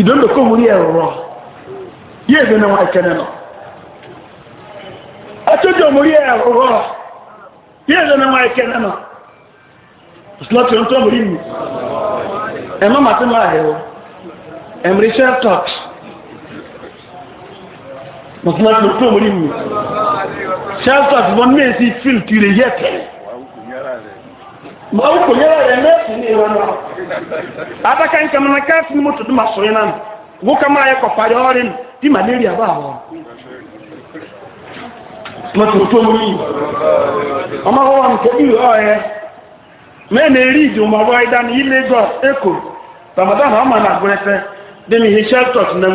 ìdóńdó kó mú ní ẹ̀rọ yíè bí náà ìkẹ́nẹ̀ nọ ọtọ́jọ́ mú ní ẹ̀rọ yíè bí náà ìkẹ́nẹ̀ nọ ìsìlọ́tì ọ̀tọ́ mú ní ẹ̀mọ́ màtí máa ẹ̀mìrìṣẹ́ tọ́ks mọ̀tí máa tó mú ṣẹ́ tọ́ks bọ́n mẹ́sì fíl tìrẹ̀ yẹ́tẹ̀ẹ́ mọ̀wó kò yẹ́rọ rẹ̀ mẹ́sùn ní ìran náà adaka nke mana náà káàkiri ní mọ́tò tó máa sọ yẹn náà wó ká máa yẹ kọfà yọ ọrẹ tí malaria bá wọ. mọ́tò tó mú yìí ọmọ wọn wọn kò yẹ ní ilé ọmọ náà náà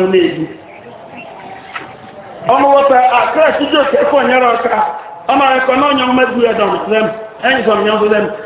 mú ọmọ wọn àkẹ́rẹ́ òkè fún ọ̀nyẹ́rọ̀ ọ̀ka ọmọ ẹ̀kọ́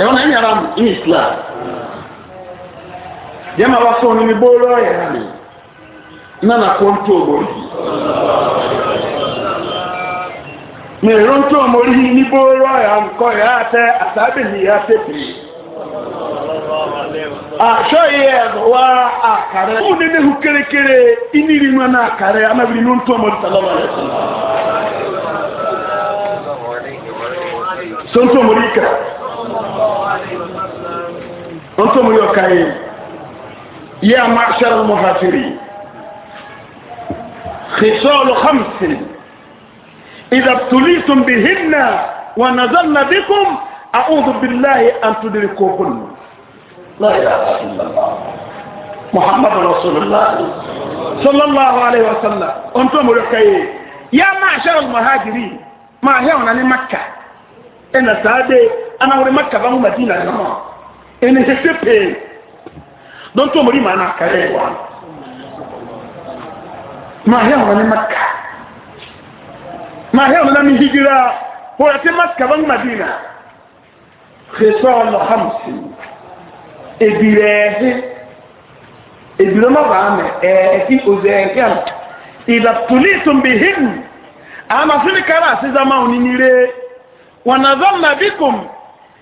ẹ̀wọ̀n náà ń yàrá mi ní islam yẹ́ máa wá fún mi bóòrò ọ̀yàrá mi nana kó ń tó ògbò yìí mi ìró ń tó òmòrí yìí ní bóòrò ọ̀yà ńkọ yà á tẹ àtàbí ni yà á tètè àṣọ yìí ẹ̀rọ wá àkàrẹ ó ní ní kérékéré inú ìrìn wọn náà àkàrẹ anábìrin ló ń tó òmòrí sàlọ́wọ́ rẹ̀ sọ́ńtò òmòrí kẹrẹ wọ́n tó mú yọ káyé yé a máa ṣẹ́rù mọ́ fàtírì kìsọ́ọ̀lù hamsi ìdá tùlítùm bí hinna wà nàzọ́ nàbíkùm àúdù bíláyé àtúndìrí kókùn muhammadu rasulillah sallallahu alayhi wa sallam wọ́n tó mú yọ káyé yé a máa ṣẹ́rù mọ́ hajiri máa hẹ́wọ̀n ní makka ẹ̀ na sáadé ana wani makka ba mu madina da ma ene hese pe don to muri mana kare wa ma ya wani makka ma ya wani mi hijira ko ya te makka ba mu madina khisal hamsin ebire ebire ma ba me e, e ki oze e kan ila tulitum bihim ama sini kara si zama oninire wa nazamna bikum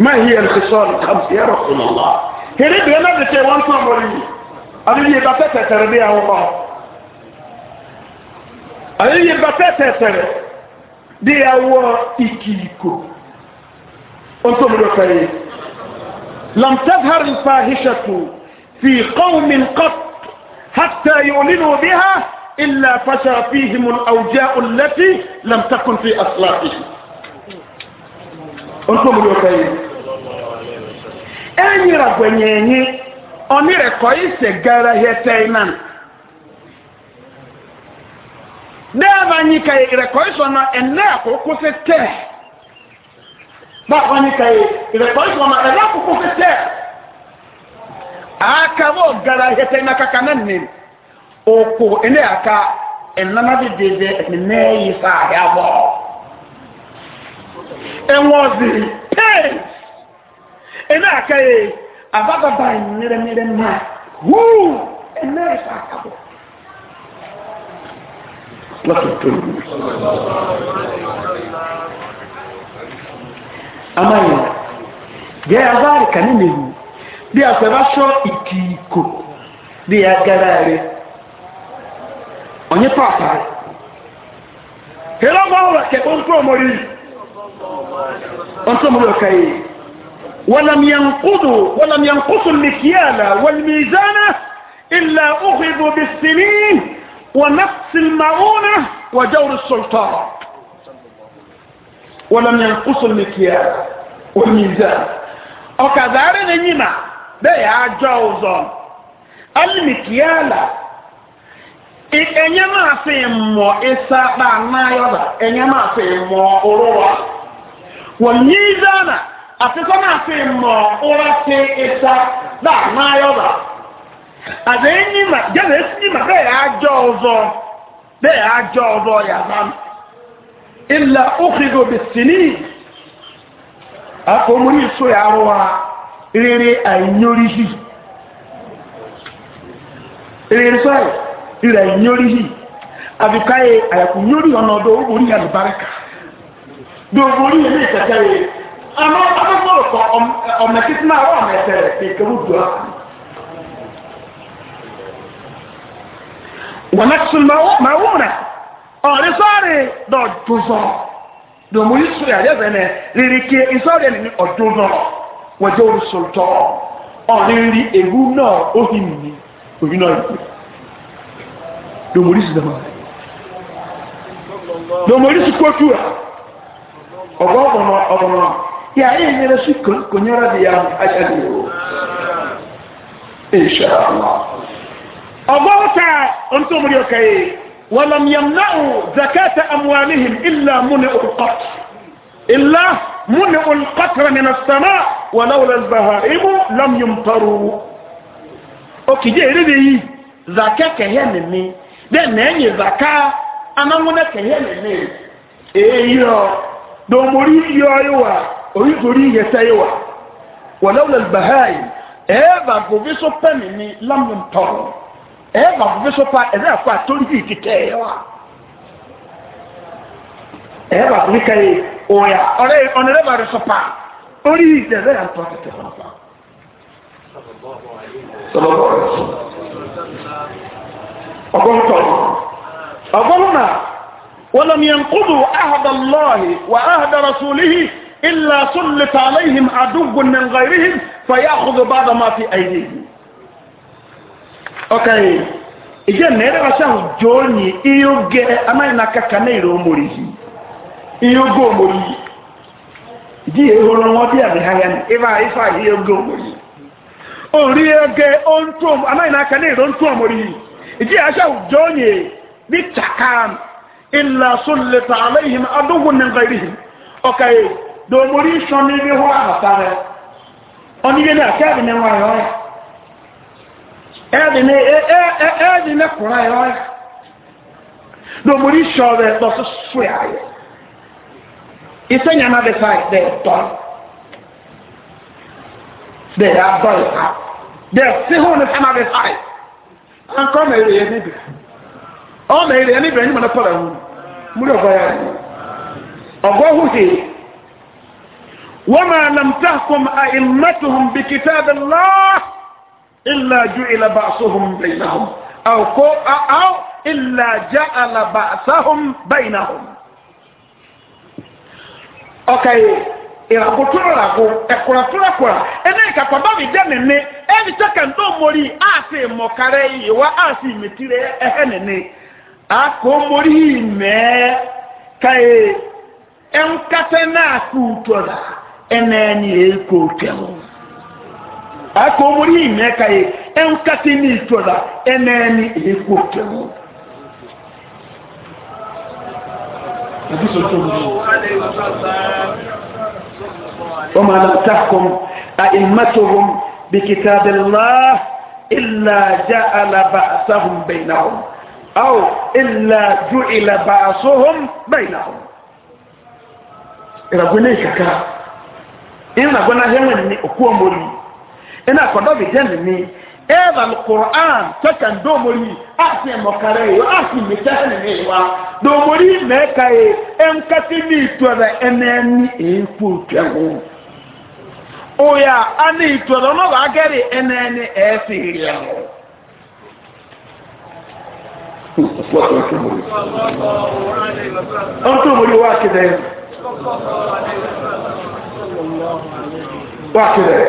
ما هي الخصال الخمس يا رسول الله هرب لنا بتي وان أنا أبي يبتت تربية الله أبي يبتت تربية دي أوا إكيكو أنتم رفعي لم تظهر الفاحشة في قوم قط حتى يعلنوا بها إلا فشى فيهم الأوجاء التي لم تكن في أصلافهم أنتم رفعي enyira gwenyenyi onire koise gara heteinan dabanyika irekoisona enako kusete bakonyika irekoisona enako kusete akabo gara heteinan kakananin oku ene aka enana bidede neyi sa ahia bo enwozi pains ene akaye ababa ba nyere mere mma wuu ene resa akabo amaye deɛ yɛavaare kane na wu de asɛ bahyɛ itiiko de yɛagaraare ɔnye paapaare hela ma wɔ kɛ ɔntɔ ɔmɔre ɔntɔ ɔmɔre ɔkae ولم ينقضوا ولم ينقصوا المكيال والميزان إلا أخذوا بالسنين ونقص المعونة وجور السلطان ولم ينقصوا المكيال والميزان وكذلك نجمع بيع جوزا المكيال إنما في مو mọ̀ ìsápá náà إنما في مو fi والميزان àtikọ́ náà fi mọ̀ ọ́rá ṣe ẹ̀ṣá láàmú ayọ́bà àti ẹ̀yìn mà jẹ́lẹ̀ ẹ̀sìn mà bẹ́ẹ̀ àjọ ọ̀zọ́ bẹ́ẹ̀ àjọ ọ̀zọ́ yàrá ilà òkèdò bìsìnì àfọmúrí ìṣó yàrá wa rere àìnyóríhì rere sọ́ọ̀ rere àìnyóríhì àbíkáyé àyàkùnyórí ọ̀nà ọ̀dọ́ ògbórí àlùbáríkà dògbórí ẹ̀mí ìtàkẹ́rẹ́ ama abɛbɔlɔ kɔ ɔmɛ titi naa ɔmɛ tɛrɛ keke mu dua wɔn ɛtutu ma wɔ ma wɔ na ɔre sɔre dɔ dozɔ domo yi so yɛ yɛbɛ nɛ ririke nsɔre ni ɔdozɔ wɔdze o sotɔ ɔriri ewu naa ohi nini ohi naa yi domo yi si dama domo yi si kotu a ɔbɔ ɔbɔ na ɔbɔ na. يعني من سكن كن يرد يا محمد إن شاء الله أضغط أنتم اليوكي ولم يمنعوا زكاة أموالهم إلا منع القطر إلا منع القطر من السماء ولولا البهائم لم يمطروا أوكي جي ريدي زكاة كهنمي دي نيني زكاة أنا منع كهنمي إيه يو دوموري يو يو orígorí yẹ sẹ́yẹ wà wọ̀lọ́wọ̀lọ́ bàháì ẹ̀ẹ́bà gòbí so pẹ́mì ní lámùntọ́ ẹ̀ẹ́bà gòbí so pa ẹ̀dá àkọ́ àtọ́jú ti tẹ́ ẹ̀ wà ẹ̀ẹ́bà gòbí kẹ́yẹ òyà ọ̀rẹ́ ọ̀nẹ́rẹ́bà rẹ̀ so pa orí ìdẹ̀rẹ́ àtọ́ tẹ̀tẹ̀ wà pa. ọgbọ́n tọ́ ọgbọ́n náà wọ́n lọ́mìyàn kúdù ahàdà lọ́ọ̀hì wà ahàdà rasúlìhì إلا سلط عليهم عدو من غيرهم فيأخذ بعض ما في أيديهم أوكي إذا نرى شان جوني إيوغي أما إنك كنيرو مريه إيوغو مريه دي إيوغو مريه دي هايان إفا إفا إيوغو مريه orí ẹgẹ ohun aláìnáka ní ìrọ̀n tó àmọ́rí ìdí àṣà òjò yẹ ní tàkà ìlà sólẹ̀tà aláìhìn adógún nígbà ìrìn ọkà yìí domori sɔmi bi hɔ ahata rɛ ɔni bi na kɛ ɛdi ne wa yɔ yɛ ɛdi ne ɛ ɛ ɛdi ne kura yɔ yɛ domori sɔ lɔsi so yɛ ayɛ ise nyama bi fa yɛ dɛ tɔ dɛ yɛ abɔ yɛ ha dɛ sihu ni sama bi fa yɛ ankɔ mɛ yɛ yɛ bi ɔmɛ yɛ yɛ bi ɛni mɛ ne kɔ la wu mu de ɔgɔ yɛ ɔgɔ hu hee. وما لم تحكم أئمتهم بكتاب الله إلا جعل بأسهم بينهم أو أو إلا جعل بأسهم بينهم أوكي ìràkùtúrò làkù ẹ̀kùràkùràkùrà ẹ̀dẹ́ ìkàkọ̀bá mi dẹ́ nìní tẹ́kẹ̀ ń tó mórí àti ìmọ̀kárẹ́ àti ìmìtìrẹ́ ẹ̀hẹ́ nìní àkó mórí ìmẹ́ káyé náà ɛnɛɛni eko twɛwo akomori yinɛ ka ye ɛnkati ni itɔla ɛnɛɛni eko twɛwo. وما لم تحكم أئمتهم بكتاب الله إلا جعل بأسهم بينهم أو إلا جعل بأسهم بينهم. إذا قلنا ina gwana hewa ni okuwa mori ina kwa dobi jeni ni eva al-Qur'an taka ndo mori asi emokare yo asi mitahani ni wa do mori meka ye emkati ni itwada eneni efu kyangu oya ani itwada no bageri eneni efi wákìlẹ̀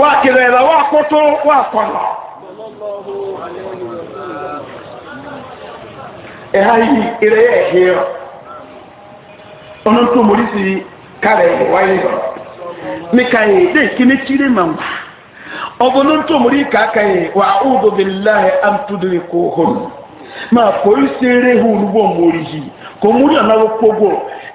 wákìlẹ̀ rẹ̀ wá kótó wá kọ̀nà ẹ̀há yìí ìrẹ́yẹ̀ ẹ̀hẹ́ rọ̀ ọ̀nà tó mọ̀rí sí kárẹ̀ ìwáyé rọ̀ mika ma dé kíní kiri mà ọ̀bọ̀nà tó mọ̀rí kàkà yìí wà áwùdó àmtúndínlẹ̀ máa pọ̀ kò wọ́pọ̀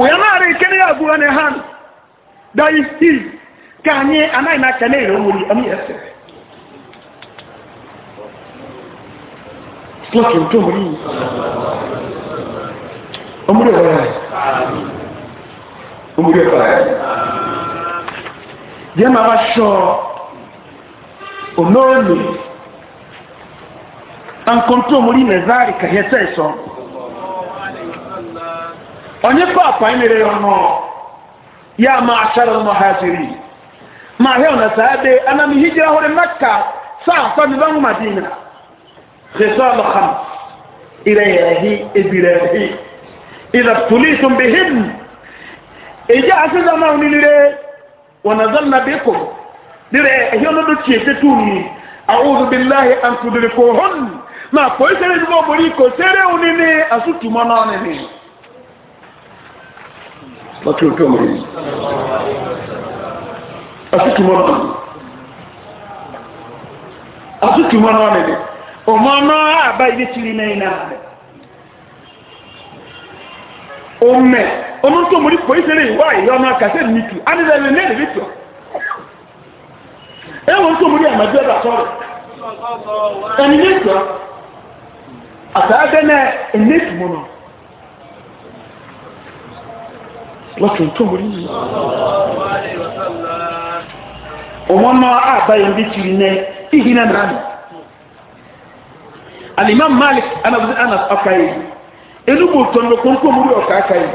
òyàmáàrí ìkéde àbúrò ní hàn dáyé sí káàní anáìmá kẹ́lẹ́ ìrọ̀wòrì ọmọ ẹ̀sẹ̀ slọ́kì tó mọ̀rí ọmọdé ọ̀rọ̀ rẹ̀ ọmọdé ọ̀rọ̀ rẹ̀ jẹ́ máa bá ṣọ ònóòlù àǹkọ́ntó mọ̀rí mẹ́zárì kàyẹ́sẹ̀ sọ̀rọ̀ onye papa nyere ọnụ ya ma ashara muhajiri ma he ona saade ana mi hijira hore makka sa fa ni bangu madina khisal kham ilayhi ibirahi idha tulitum bihim ija asaza ma unilire wa nazalna bikum dire hiyo ndo chiete tuni a'udhu billahi an tudrikuhun ma ko sere ni bori ko sere unini asutuma na nini láti òkè ọmọ yìí asìtìmọ́ náà ni asìtìmọ́ náà ni ni ọmọ náà àbá ilé tìrì náà iná rẹ̀ ọmọ ọmọ tó mọ̀ ní pọ̀ ìṣẹ̀lẹ̀ ìwà ìyá ọmọ akásẹ̀ nìtù ánìlẹ́lẹ́ lẹ́lẹ́ lẹ́tọ̀ ẹ̀wọ̀n tó mọ̀ ní àmàjẹ́ ẹ̀dà sọ́rọ̀ ẹ̀yìn lẹ́tọ̀ àtàgẹ́ náà ẹ̀ lẹ́tù mọ́ náà lọ́tùntùn rí i ọmọọmọ àbáyé ń bí tiri nẹ ihi náà nàánì alimam malik anabi anas ọkà yìí enugu tọ̀nù kónkón múri ọkà aka yìí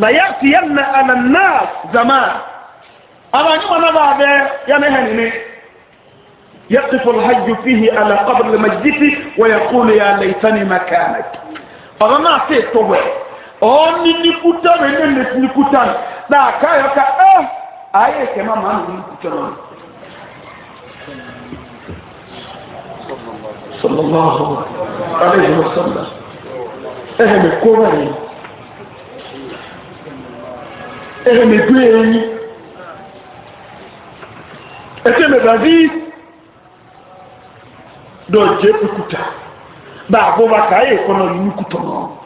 làyà ti yẹn na anana zama abanyuma náà bá abẹ yẹn hẹ nínú يقف الحج فيه على قبر المجد ويقول يا ليتني مكانك أظن أعطيت طويل ɔni nikuta mi ne ne nikuta na aka yɛ ka ɛ eh, ayɛ kɛmɛ maa mi nikuta mi. sallallahu alayhi wa sallam ɛhɛ mi kóra yi ɛhɛ mi du yɛ yi ɛhɛ mi bàbí dɔw jɛ nikuta baa ba ka ayɛ kɔnɔ nikuta náà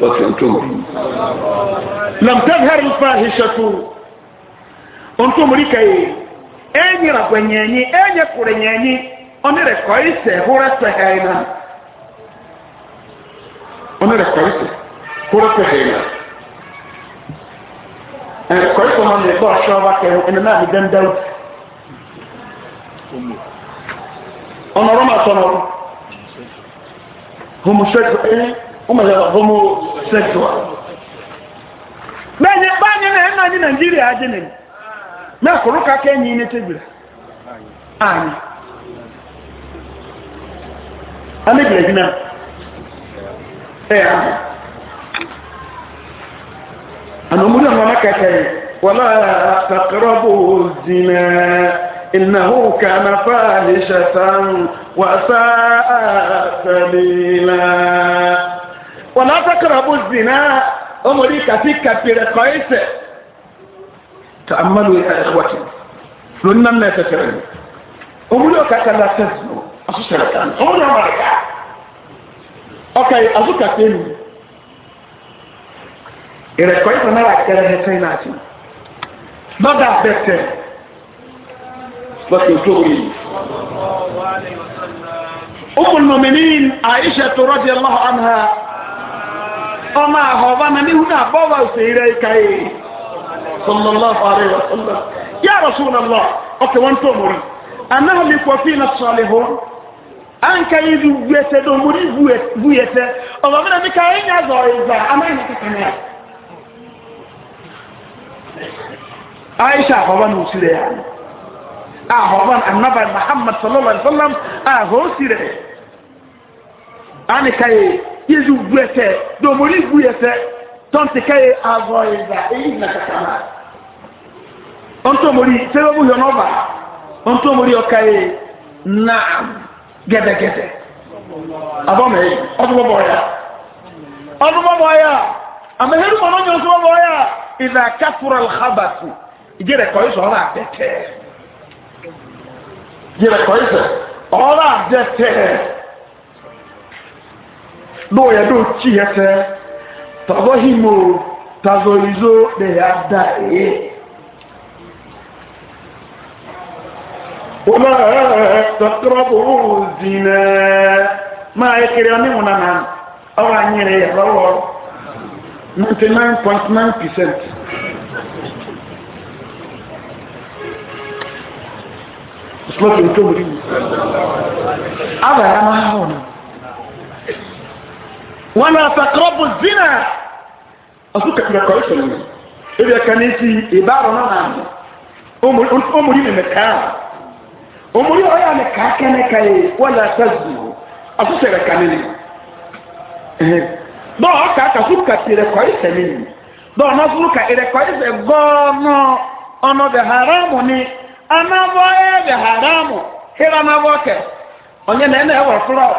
lọ́sẹ̀ntọ́mù lamtazhari fahishatu ontomuri kaye enyira gwenyenyi enye kurenyenyi onere koise hura sehaina onere koise hura sehaina koise ma ne ba shova ke ina na ni dan dau onoro ma sono homosexual wọ́n mọ̀ lọ́wọ́ homosexual. bẹ́ẹ̀ni báyìí náà ẹ̀nà ní nàìjíríà ajé nìyí mẹ́kùrú kakẹ́ yìí ní tẹ́gbìrì ààyè amébìrì ẹ̀gbìn náà ẹ̀ àmì àmì ọmọdé ọmọ mẹ́kẹ̀kẹ́ yìí wọ́n náà sàkúrọ̀ bó zìnnà ìnáwó kàná fáàlì ṣẹ̀tàn wàṣà àṣẹlélá. ولا تقربوا الزنا أمري كثيرا في رقائسة تأملوا يا إخوتي لنا ما تترمي أمري أكاك لا تزنوا أسوسا لكان أمري أمريك أوكي أسوكا تيمي إرقائسة نرى كده هسيناتي ماذا أبتر لكن تغني أم المؤمنين عائشة رضي الله عنها ọmọ àhọ̀bá na níhúnà bọ́wà òsèrè ìkàyè sallallahu alaihi wasallam ya rasulallah ọkẹ̀ wọ́n tó mọ̀rí anáhàlì kọfí na sọ̀lẹ̀họ́ an ka yi zu gbese do muri buyete ọba mi na mi ka yi nya zọ ìgbà ama yi kaka na aisha ahọba na òsìrè ya ani kaye yezu bu ɛsɛ domori bu ɛsɛ tɔnti kaye avɔ ɛza eyi na kakama ɔntomori sɛbɛbu yɔ n'ɔba ɔntomori ɔkaye na gɛdɛgɛdɛ abɔmɛ yi ɔdubɔbɔ ya ɔdubɔbɔ ya amehelu mɔnɔ nyɔ ɔdubɔbɔ ya ɛza kafura alhabatu ìjẹrẹ kọ ìsọ ọrọ àbẹtẹ ìjẹrẹ kọ ìsọ ọrọ àbẹtẹ do ya do ci ya ta tazohimo tazorizo da ya dae wala taqrabu zina ma yakiri ani muna na awa nyere ya rawo 99.9% Slot in Tomori. Aba ya ma ha ona. ولا تقربوا الزنا أصدق كما قلت لي إذا كان يسي إبارة نعم أمري من مكان أمري أيا مكان كان كي ولا تزنوا أصدق كان لي dɔw aka aka so ka ti rɛkɔɛsɛ ne mu dɔw ɔno so ka rɛkɔɛsɛ gɔɔnɔ ɔno bɛ haramu ni anabɔ yɛ bɛ haramu hera anabɔ kɛ ɔnyɛ na ɛna ɛwɔ fura o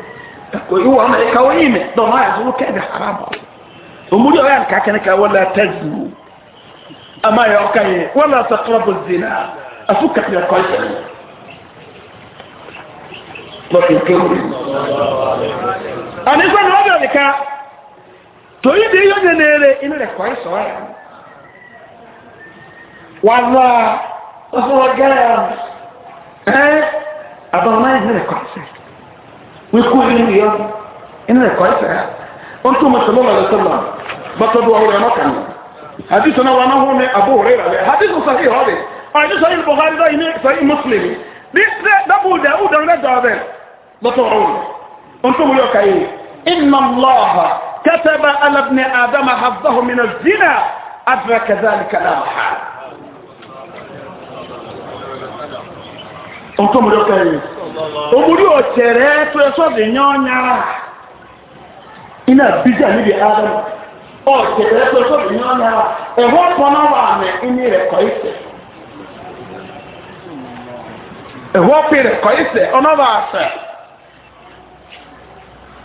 ìwọ ọmọ ẹka wọn yìí mi dọmọ ayé sọ kẹ ẹdẹ haram ọmọdé ọyà nǹkan kẹne ká wọn lè tẹ zu ama yẹ ọka yẹ wọn lè sọ kọrọ bọ zina afu kẹkẹ kọ ẹ sẹni lọkì kéwù àní sọ ni wọn bẹ nìkan tòyí di yóò nyẹ nìyẹn lé inú rẹ kọ ẹ sọ ẹ lọ ọsọ wọn gẹ ẹ ẹ abọwọn ayé inú rẹ ويكون يوم إنه كويس أنتم صلى الله عليه وسلم بطلوا أولي مكان حديثنا وانا هو أبو هريرة حديث صحيح هذا حديث صحيح البخاري ده إنه صحيح مسلم ده أبو داود أنا جابر بطلوا أولي أنتم يوم كاين إن الله كتب على ابن آدم حظه من الزنا أدرك ذلك لا محال أنتم يوم كاين omuri ọ̀tẹ̀rẹ̀ tó ẹsọ́ dì ní ọ̀nyára iná bíjà níbi adam ọ̀tẹ̀rẹ̀ tó ẹsọ́ dì ní ọ̀nyára ẹ̀họ́ pọnà wà mí ní ẹ̀kọ́ ìsẹ̀ ẹ̀họ́ pè ẹ̀kọ́ ìsẹ̀ ọ̀nà wà sẹ̀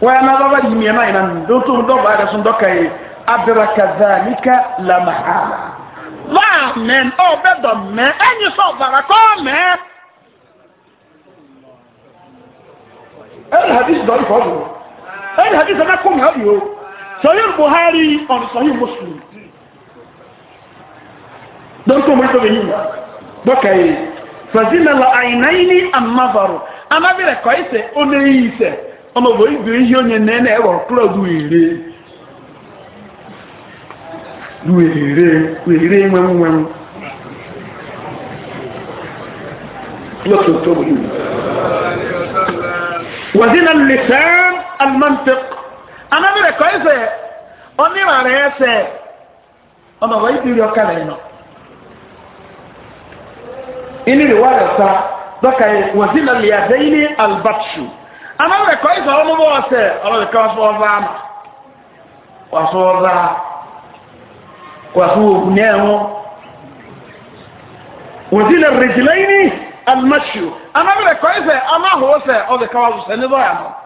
wọ́n yẹn náà bábá yìí mìíràn yìí nínú tó ń dọ́gba ẹ̀rẹ́ sún dọ́ka yìí abirakaza níka lamahala. Láàmì ọ̀bẹ dọ̀ mẹ́ ẹ̀yin sọ̀ bàrà kọ́ mẹ́. ẹ̀rọ hadith dọ̀rí fọ́ọ̀dù ẹ̀rọ hadith ẹ̀rọ kọ́mù hàbí o sọ̀yìn buhari on sọ̀yìn muslim dọ́kọ̀ mọ́ ìtọ́bẹ̀ yìí dọ́kà yìí fàzínàlà àìnáyìní àmàbàrò amábìrẹ̀ kọ́ ìsẹ̀ ó ise, ọmọ ihe onye nẹ́ẹ̀nẹ́ ẹ̀wọ̀ wazina lisan almantik anamire kọ ẹsẹ onírànà ẹsẹ ọmọ wa ibi rí ọkà rẹ nọ inú ìwà rẹ sá yẹ wazina liadẹyìnì albatshu anamire kọ ẹsẹ ọmọ bọ ọsẹ ọlọrin kan fọ ọba ama wàsó ọba wàsó ògùn ní ẹwọn wazina rìjìlẹyìnì almasiu anamere kɔyi sɛ anahoɔ sɛ ɔde kawa so sɛ ne dɔ yɛ no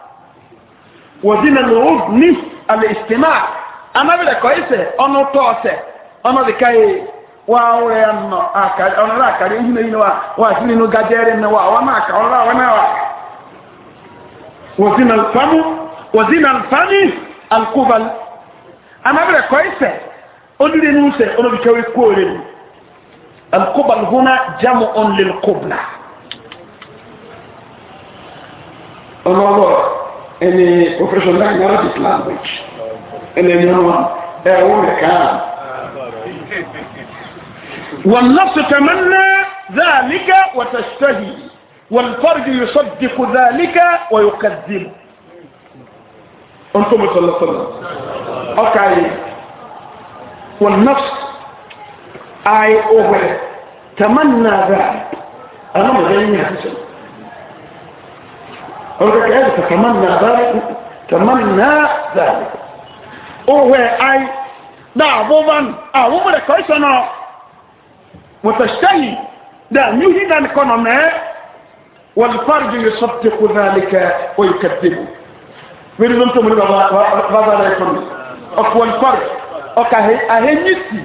wɔdi na na o ni ale istima anamere kɔyi sɛ ɔno tɔɔ sɛ ɔno de ka yi waa wɔyɛ no akari ɔno de akari ehu na yi na wa waa sini no gajɛri na wa wɔn aka ɔno de awɔ na wa wɔdi na nfamu wɔdi na nfani alkubal anamere kɔyi sɛ ɔdi nu sɛ ɔno de ka yi mu. القبل هنا جمع للقبلة الله any professional language and then you know أقول كان والنفس تمنى ذلك وتشتهي والفرج يصدق ذلك ويكذب أنتم صلى الله عليه وسلم أوكي والنفس أي أهل تمنى ذلك أنا مغني حسن أردك أن تتمنى ذلك تمنى ذلك أهل أي دعوة أهل كويسنا وتشتهي ده نهينا نكوننا والفرج يصدق ذلك ويكذبه ويرزمتم لبابا لا يكون أقوى الفرج اوكي أهي نسي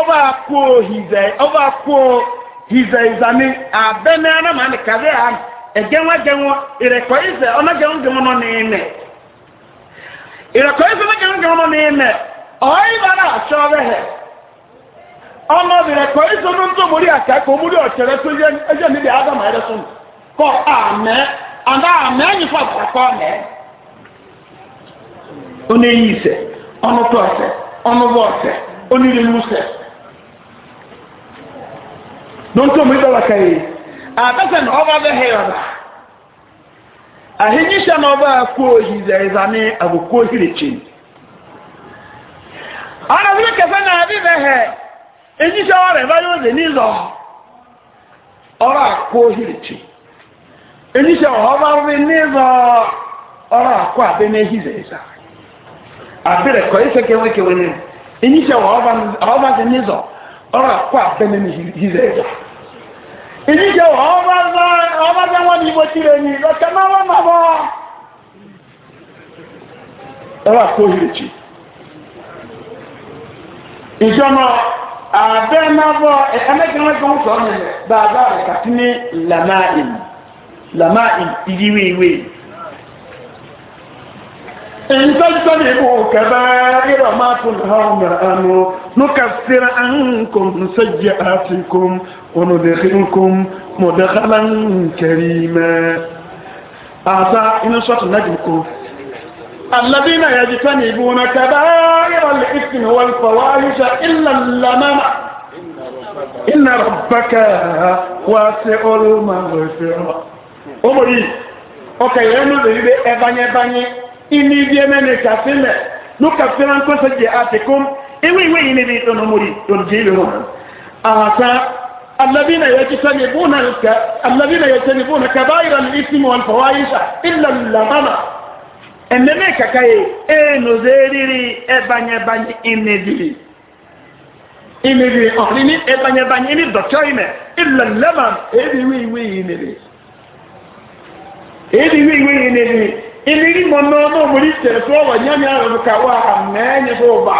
ọba kó hizẹ ọba kó hizẹ ìzami abẹ́mi anamani ha ẹ̀gẹ́wọ́ gẹ́wọ́ ìrẹ̀kọ́ ìzẹ ọma genwa genwa nọ n'ime ìrẹ̀kọ́ ìzẹ ọma gẹ́wọ́ gẹ́wọ́ nọ n'ime ọ bára aṣọ ọbẹ̀ hẹ ọmọ ìrẹ̀kọ́ ìzẹ ọmọ ntọ́ mórí àká kò kọ ọ don tó mi ka yìí àtẹ́sẹ̀ na ọba bẹ́ hẹ́ ọ̀la àhínyíṣẹ́ na ọba kó yìí zẹ̀ẹ́zà ní àbùkù òhìrì kyi ọ̀nà bí na náà bí bẹ́ hẹ́ ẹ̀nyíṣẹ́ ọ̀rẹ́ bá yóò zẹ̀ ní zọ̀ ọ̀rọ̀ àkó òhìrì kyi ẹ̀nyíṣẹ́ ọ̀ba bí ní zọ̀ ọ̀rọ̀ àkó àbẹ́ ní ehí zẹ̀ẹ́zà àbẹ̀rẹ̀ kọ́ ẹ̀ṣẹ̀ kẹwẹ́kẹwẹ́ ní ẹ̀nyíṣẹ́ ọ̀ba zẹ̀ ní zọ̀ ọrụ abịa ìdíje ọ̀bájá wọn ni ìbò tirẹ̀ ní lọ́tẹ̀ máa wọ́n máa bọ́ ẹwà kó ìrètí ìjọba àbẹ́ máa bọ́ ẹ̀ẹ́mẹ́gbẹ̀rẹ́gbẹ̀ ń sọ̀rọ̀ nílẹ̀ bàbá rẹ̀ kàtí ní làmáìm làmáìm ìdíwéwé ìtọ́jútọ́ni ìbò kẹfẹ́ ìrọ̀ máa وندخلكم مدخلا كريما أعطى إن صوت نجمكم الذين يجتنبون كبائر الإثم والفواحش إلا اللمم إن ربك واسع المغفرة أمري ọkà yẹn ló lè rí ẹbányẹbányẹ inú ibi ẹmẹ ní kàfílẹ ló kàfílẹ ń kọsẹ jẹ àtìkún ewé ìwé yìí níbi ìtọ́nà mórí tó ń jẹ ìlú wọn àhàtà الذين يجتنبون الك... الذين يجتنبون كبائر الاثم والفواحش الا اللمم انما كاي انو زيري اباني باني انيدي انيدي اخريني اباني باني اني دوتويمه الا اللمم ايدي وي وي انيدي ايدي وي وي انيدي انيدي مونو مو مري تسو ونيامي ارو كوا امني بو با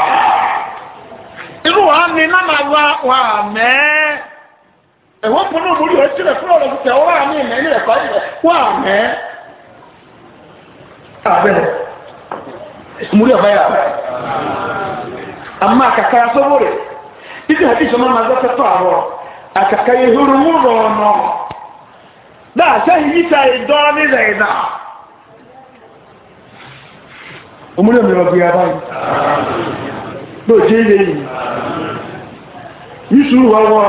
irú wa ni náà máa wá wa mẹ́ẹ́ ẹ̀wọ́ pọnú òmùrí ọ̀rẹ́ tirẹ̀ fún ọ̀rọ̀ gbèsè ọ̀rọ̀ àmì ìmẹ̀ ní ẹ̀kọ́ ayé rẹ̀ wọ́n àmẹ́ abẹ́rẹ́ òmùrí ọ̀bá yà rẹ̀ àmọ́ àkàkà sọ́wọ́ rẹ̀ títí àti ìṣọ́nà máa gbọ́ tẹ́tọ́ àrọ̀ àkàkà ìhòòrò ń rọ̀ ọ̀nà dáa sẹ́yìn yíta ìdọ́ nílẹ̀ ìdá òmùrí ọ̀mùrí ọ̀bí yà báyìí lóòjé ilé yìí yíṣu wọ́wọ́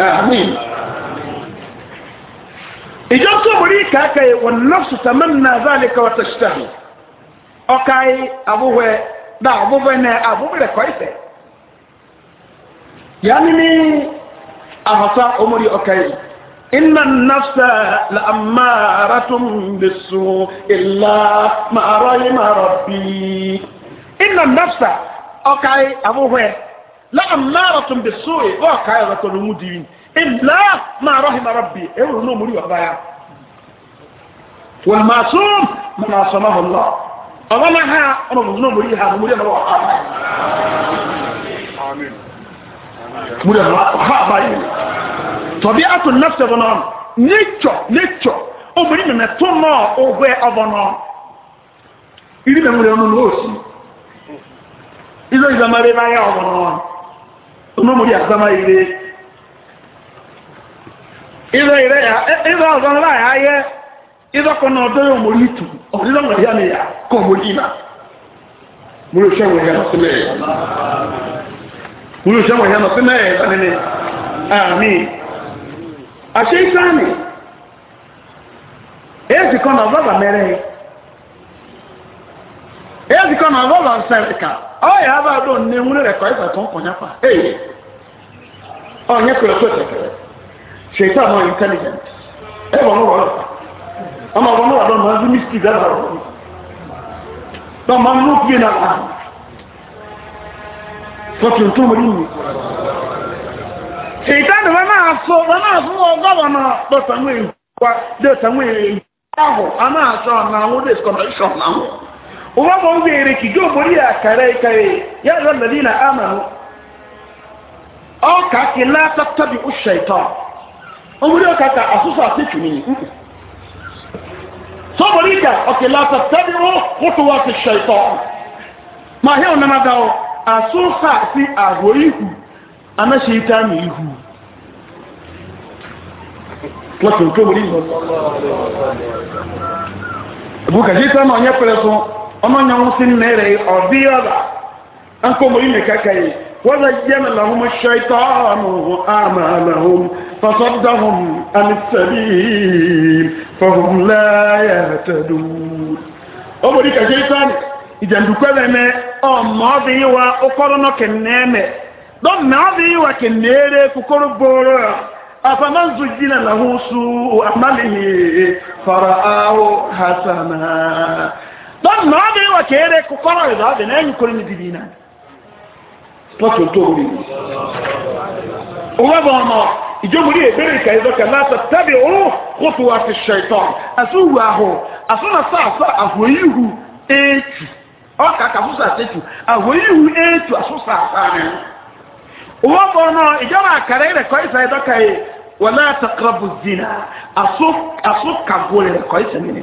آمين إذا صبري كاكاي والنفس تمنى ذلك وتشتهي أوكاي أبوه دا أبوه بنا أبوه لكويسة يعني مي أهصى أمري أوكاي إن النفس لأمارة بالسوء إلا ما رحم ربي إن النفس أوكاي أبوه láàmárọ̀ tó ń bè sóòyè wọ́n ká ẹ̀rọ tó ló mú di yìí ìlà máa rọ́hìn máa rọ́bì ẹ̀rọ náà múrí ọ̀bá ya wọ́n máa sún máa sọ máa lọ ọ̀bá náà ha ọmọ mùsùlùmí náà múrí ha múrí ọ̀bá wà ha múrí ọ̀bá ha bá yìí tọ́bí àtò nẹ́fẹ̀ bọ̀ náà nẹ́tọ̀ nẹ́tọ̀ ọmọdé mẹ́mẹ́ tó náà ọgbẹ́ ọbọ náà ìrí mẹ́mú rẹ̀ ọ̀nà ló sì ilé ìgbàmọ́rẹ́ bá yá ọbọ náà onomori asama ire ire ire ya ire ọzọ nla ya ayẹ idọkọ na ọdọ ya omori itu ọdịdọ nwere ya na ya ka omori na mụrụ ose nwere ya na ọsịna ya mụrụ ose nwere ya na ọsịna ya ya nene ami ashe isani ezi kọ na ọzọ ga mere ya èyí ọ náà bọ́ọ̀lù ọ̀sẹ̀ríkà ọ̀yà abáàdó ní ewúrẹ́ rẹ̀ kọ́ ẹ̀fẹ̀ tó ń pọ̀ nyapa èyí ọ̀nyẹ́ kọ́ ẹ̀kọ́ tẹ̀tẹ̀rẹ̀ ṣètò àwọn intelligent ẹ̀ wọ́n wọ́n lọ́ta ọmọ wọn wọ́n lọ́nà ọdún mísìkì dáadáa wọ́n lọ́mọ nínú kúyè náà wọ́n fọ́tún tó mọ̀rí mi. ṣètò àwọn wọn náà sọ wọn náà fún wọn gọ́ọ̀nà lọ́sàn-án ìwà uba mu mbere kigo muri ya kare ya ka ki la tattabi ushaytan umuri ka ka asusa se tuni so bori ka o ki la tattabi khutuwat ash-shaytan ma he ona magao asusa si agoihu ana ihu Wọ́n tó ń wọlé ìwọ̀n. Ìbúkà ṣe tán pẹ̀lẹ́ ọmọ nyɛ ŋun sin mɛrɛ yi ɔbi ɔba ankomo yi mi kaka yi wala yɛmɛ la hum shaitanu ama la hum fasɔda hum ani sabi fahum laaya tadu. ɔmɔ di ka shaitan ìjàndùkọ́ bẹ̀ mẹ́ ọmọ ọdún yìí wa ọkọ̀rọ̀ náà kẹ̀nẹ́ mẹ́ dọ́mọ ọdún yìí wa kẹ̀nẹ́ rẹ̀ kòkòrò bọ̀rọ̀ afaman zujjina lahu su'u amalihi fara'ahu hasana don na be wa kere ku koro da be na yin kurin dibina to to to ri uwa ba ma ijo muri e bere ka izo ka la ta tabi o khutwa fi shaytan asu wa ho asu na sa sa ahoyihu etu o ka ka fusa tetu ahoyihu etu asu sa sa ne uwa ba ma ijo ma kare re ko isa izo ka e wala taqrabu zina asu asu ka gole ko isa ne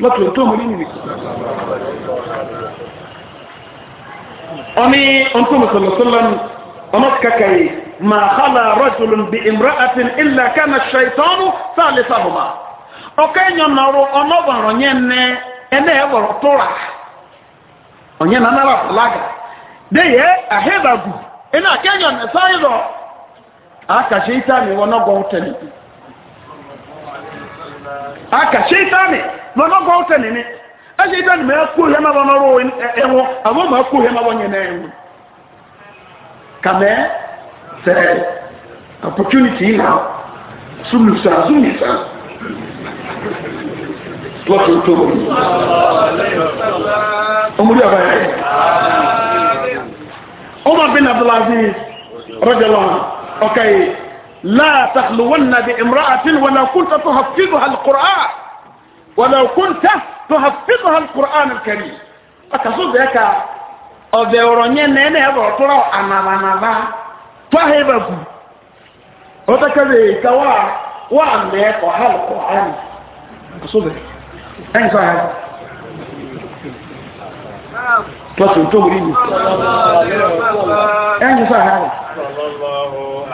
lọ́tọ̀ tó mú nínú ọmọ ọkùnrin sọlọsọlọm ọmọ kàkàyè ma hàlà rọ́jùlùm bí ìmúra àti ilẹ̀ kánà ṣàìtọ́nù sáàlẹ̀ sáàmùmá ọkọ̀ ẹ̀yàn nàró ọlọ́bàrọ̀ yẹn ní ẹ̀nà ẹ̀wọ̀rọ̀ tóra ọ̀yẹn nànára fúlága déyẹ àhẹ́bàgù ẹ̀nà kẹ́yàn nẹ̀sáyìrọ̀ àkàṣe ìtàmì wọn náà aka shaitani lọ́nà gọ́ọ̀tẹ̀ nìní ẹ shaitani mẹ́ kú hẹ́ máa bọ́nà rọ̀ ẹ̀wọ̀n àwọn máa kú hẹ́ máa bọ́nyẹ̀ náà ẹ̀wọ̀n kàmẹ́ sẹ́ opportunity yìí náà súnmùsà súnmùsà lọ́tún tó wọ́n ọmọdé àbáyé ọmọ bin abdulaziz rọ́jọ́lọ́n ọkà yìí لا تخلون بامرأة ولو كنت تحفظها القرآن ولو كنت تحفظها القرآن الكريم أتصد لك أبيروني نيني أبرطرة أنا فهبك وتكذي كوا وعميك وحال القرآن أتصد لك أين صاحب Tọ́tù tó rí ní. Ẹni sọ àárẹ̀.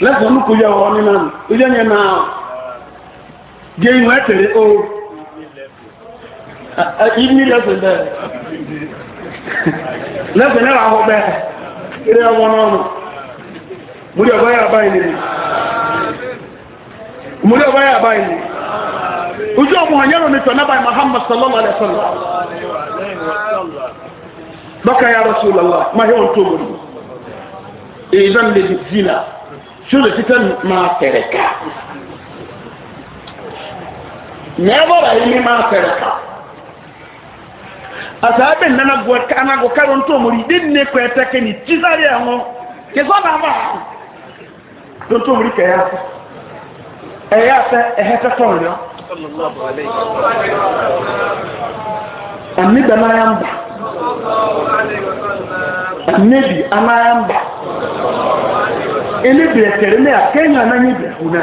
lẹ́sọ̀ ní kò yẹ ọ̀rọ̀ nínú àmì tó yẹ́ yẹn náà gé ìwọ̀n ẹ̀tẹ̀rẹ̀ o ìní lẹ́sẹ̀ bẹ́ẹ̀ lẹ́sẹ̀ náà àhọ́ bẹ́ẹ̀ eré ọmọ náà nù múlí ọba yà bá ìlú ojú ọmọ ọ̀nyẹ́rọ̀ mi tọ̀ nábàá muhammad sallallahu alayhi yà rọ̀ sùlọ́lá máa yẹ wọn tó mọ̀ ní èyí tí ó lè títẹ́ máa tẹ̀rẹ̀ ká mẹ́bọ̀rọ̀ yìí ní máa tẹ̀rẹ̀ ká àtàbí nana gbọ́ kánágọ́ kárọ̀ tó mọ̀ ìdí ní kọ́ ẹ̀ tẹ́kẹ́ ní tísáré ẹ̀ wọn kì sọ́nà bá tó tó mọ̀ ìkẹyà fún ẹ̀yà fẹ́ ẹ̀hẹ́ fẹ́ sọ̀rọ̀ yọ. àmì bẹ̀rẹ̀ náà yà ń bà. nebi Amara mba enebiri ekere ne ya kenya ananya ebifu na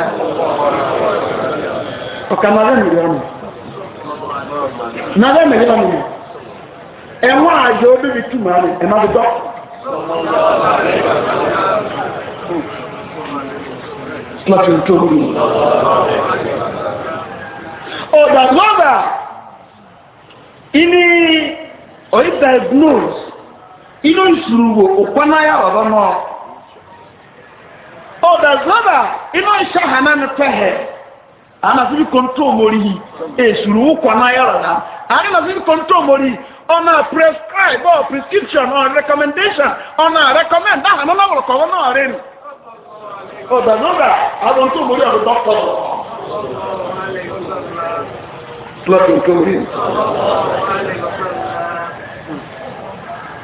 ọkamara mmiri ọnụ n'aga mmiri ọnụ enwe aja obere tum ahụ emadụdọ Slatin Tobin. oyi diagnose ino nsuruwo okwana ya ọba nọ ọdọ zọba ino nhyɛ hana no pɛhɛ ana fi kɔntɔn mori yi esuruwo kwana ya ọba ana fi kɔntɔn mori ɔna prescribe ɔ prescription ɔ recommendation ɔna recommend aha nọ n'ọwọlọ kọwọ náà rẹ nu ọdọ zọba àwọn tó mori ọdọ dọkọ. Lọ́dún tó rí.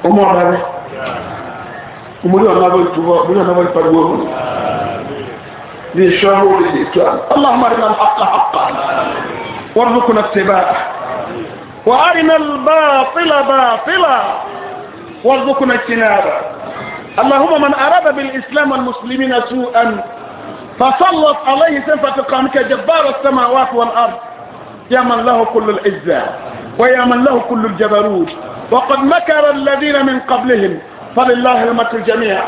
اللهم أرنا الحق حقا وارزقنا اتباعه وأرنا الباطل باطلا وارزقنا اجتنابه اللهم من أراد بالإسلام والمسلمين سوءا فسلط عليه سنفة قامك جبار السماوات والأرض يا من له كل العزة ويا من له كل الجبروت وقد مكر الذين من قبلهم فلله المكر جميعا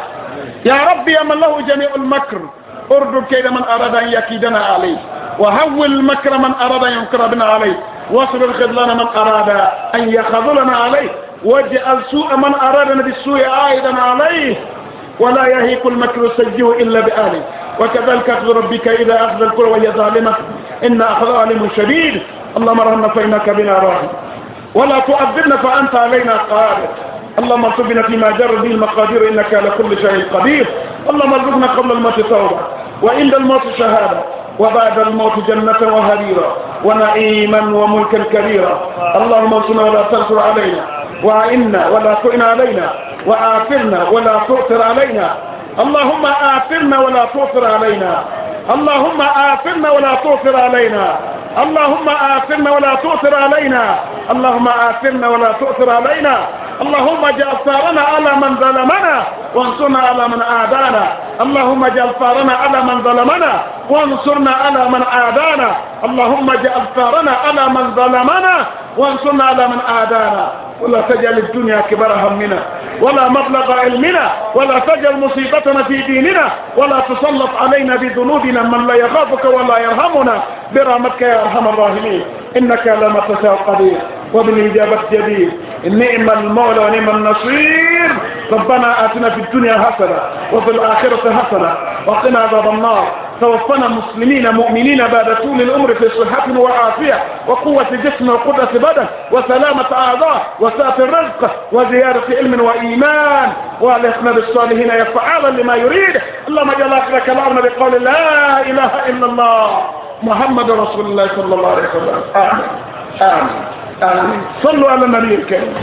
يا رب يا من له جميع المكر اردد كيد من اراد ان يكيدنا عليه وهول المكر من اراد ان ينكر بنا عليه واصل الخذلان من اراد ان يخذلنا عليه واجعل سوء من ارادنا بالسوء عائدا عليه ولا يهيك المكر السيء الا باهله وكذلك اخذ ربك اذا اخذ القرى وهي ظالمه ان اخذها لم شديد اللهم ارحمنا فانك بنا راحم ولا تؤذبنا فأنت علينا قادر اللهم ارزقنا فيما جر به المقادير إنك على كل شيء قدير اللهم ارزقنا قبل الموت توبة وعند الموت شهادة وبعد الموت جنة وهريرا ونعيما وملكا كبيرا اللهم انصرنا ولا تنصر علينا وعنا ولا تؤن علينا وآثرنا ولا تؤثر علينا اللهم آثرنا ولا تؤثر علينا اللهم آثرنا ولا تؤثر علينا اللهم آثرنا ولا تؤثر علينا اللهم آثرنا ولا تؤثر علينا اللهم اجعل ثارنا على من ظلمنا وانصرنا على من عادانا اللهم اجعل ثارنا على من ظلمنا وانصرنا على من عادانا اللهم اجعل ثارنا على من ظلمنا وانصرنا على من آدانا ولا تجعل الدنيا كبر همنا ولا مبلغ علمنا ولا تجعل مصيبتنا في ديننا ولا تسلط علينا بذنوبنا من لا يخافك ولا يرحمنا برحمتك يا أرحم الراحمين إنك لما تشاء قدير وبالإجابة الجديد نعم المولى ونعم النصير ربنا آتنا في الدنيا حسنة وفي الآخرة حسنة وقنا عذاب النار توفنا مسلمين مؤمنين بعد طول الأمر في صحة وعافية وقوة جسم وقدرة بدن وسلامة أعضاء وسعة الرزق وزيادة علم وإيمان والإخنا بالصالحين يفعالا لما يريد اللهم اجعل آخر كلامنا بقول لا إله إلا الله محمد رسول الله صلى الله عليه وسلم آمين آمين آمين صلوا على النبي الكريم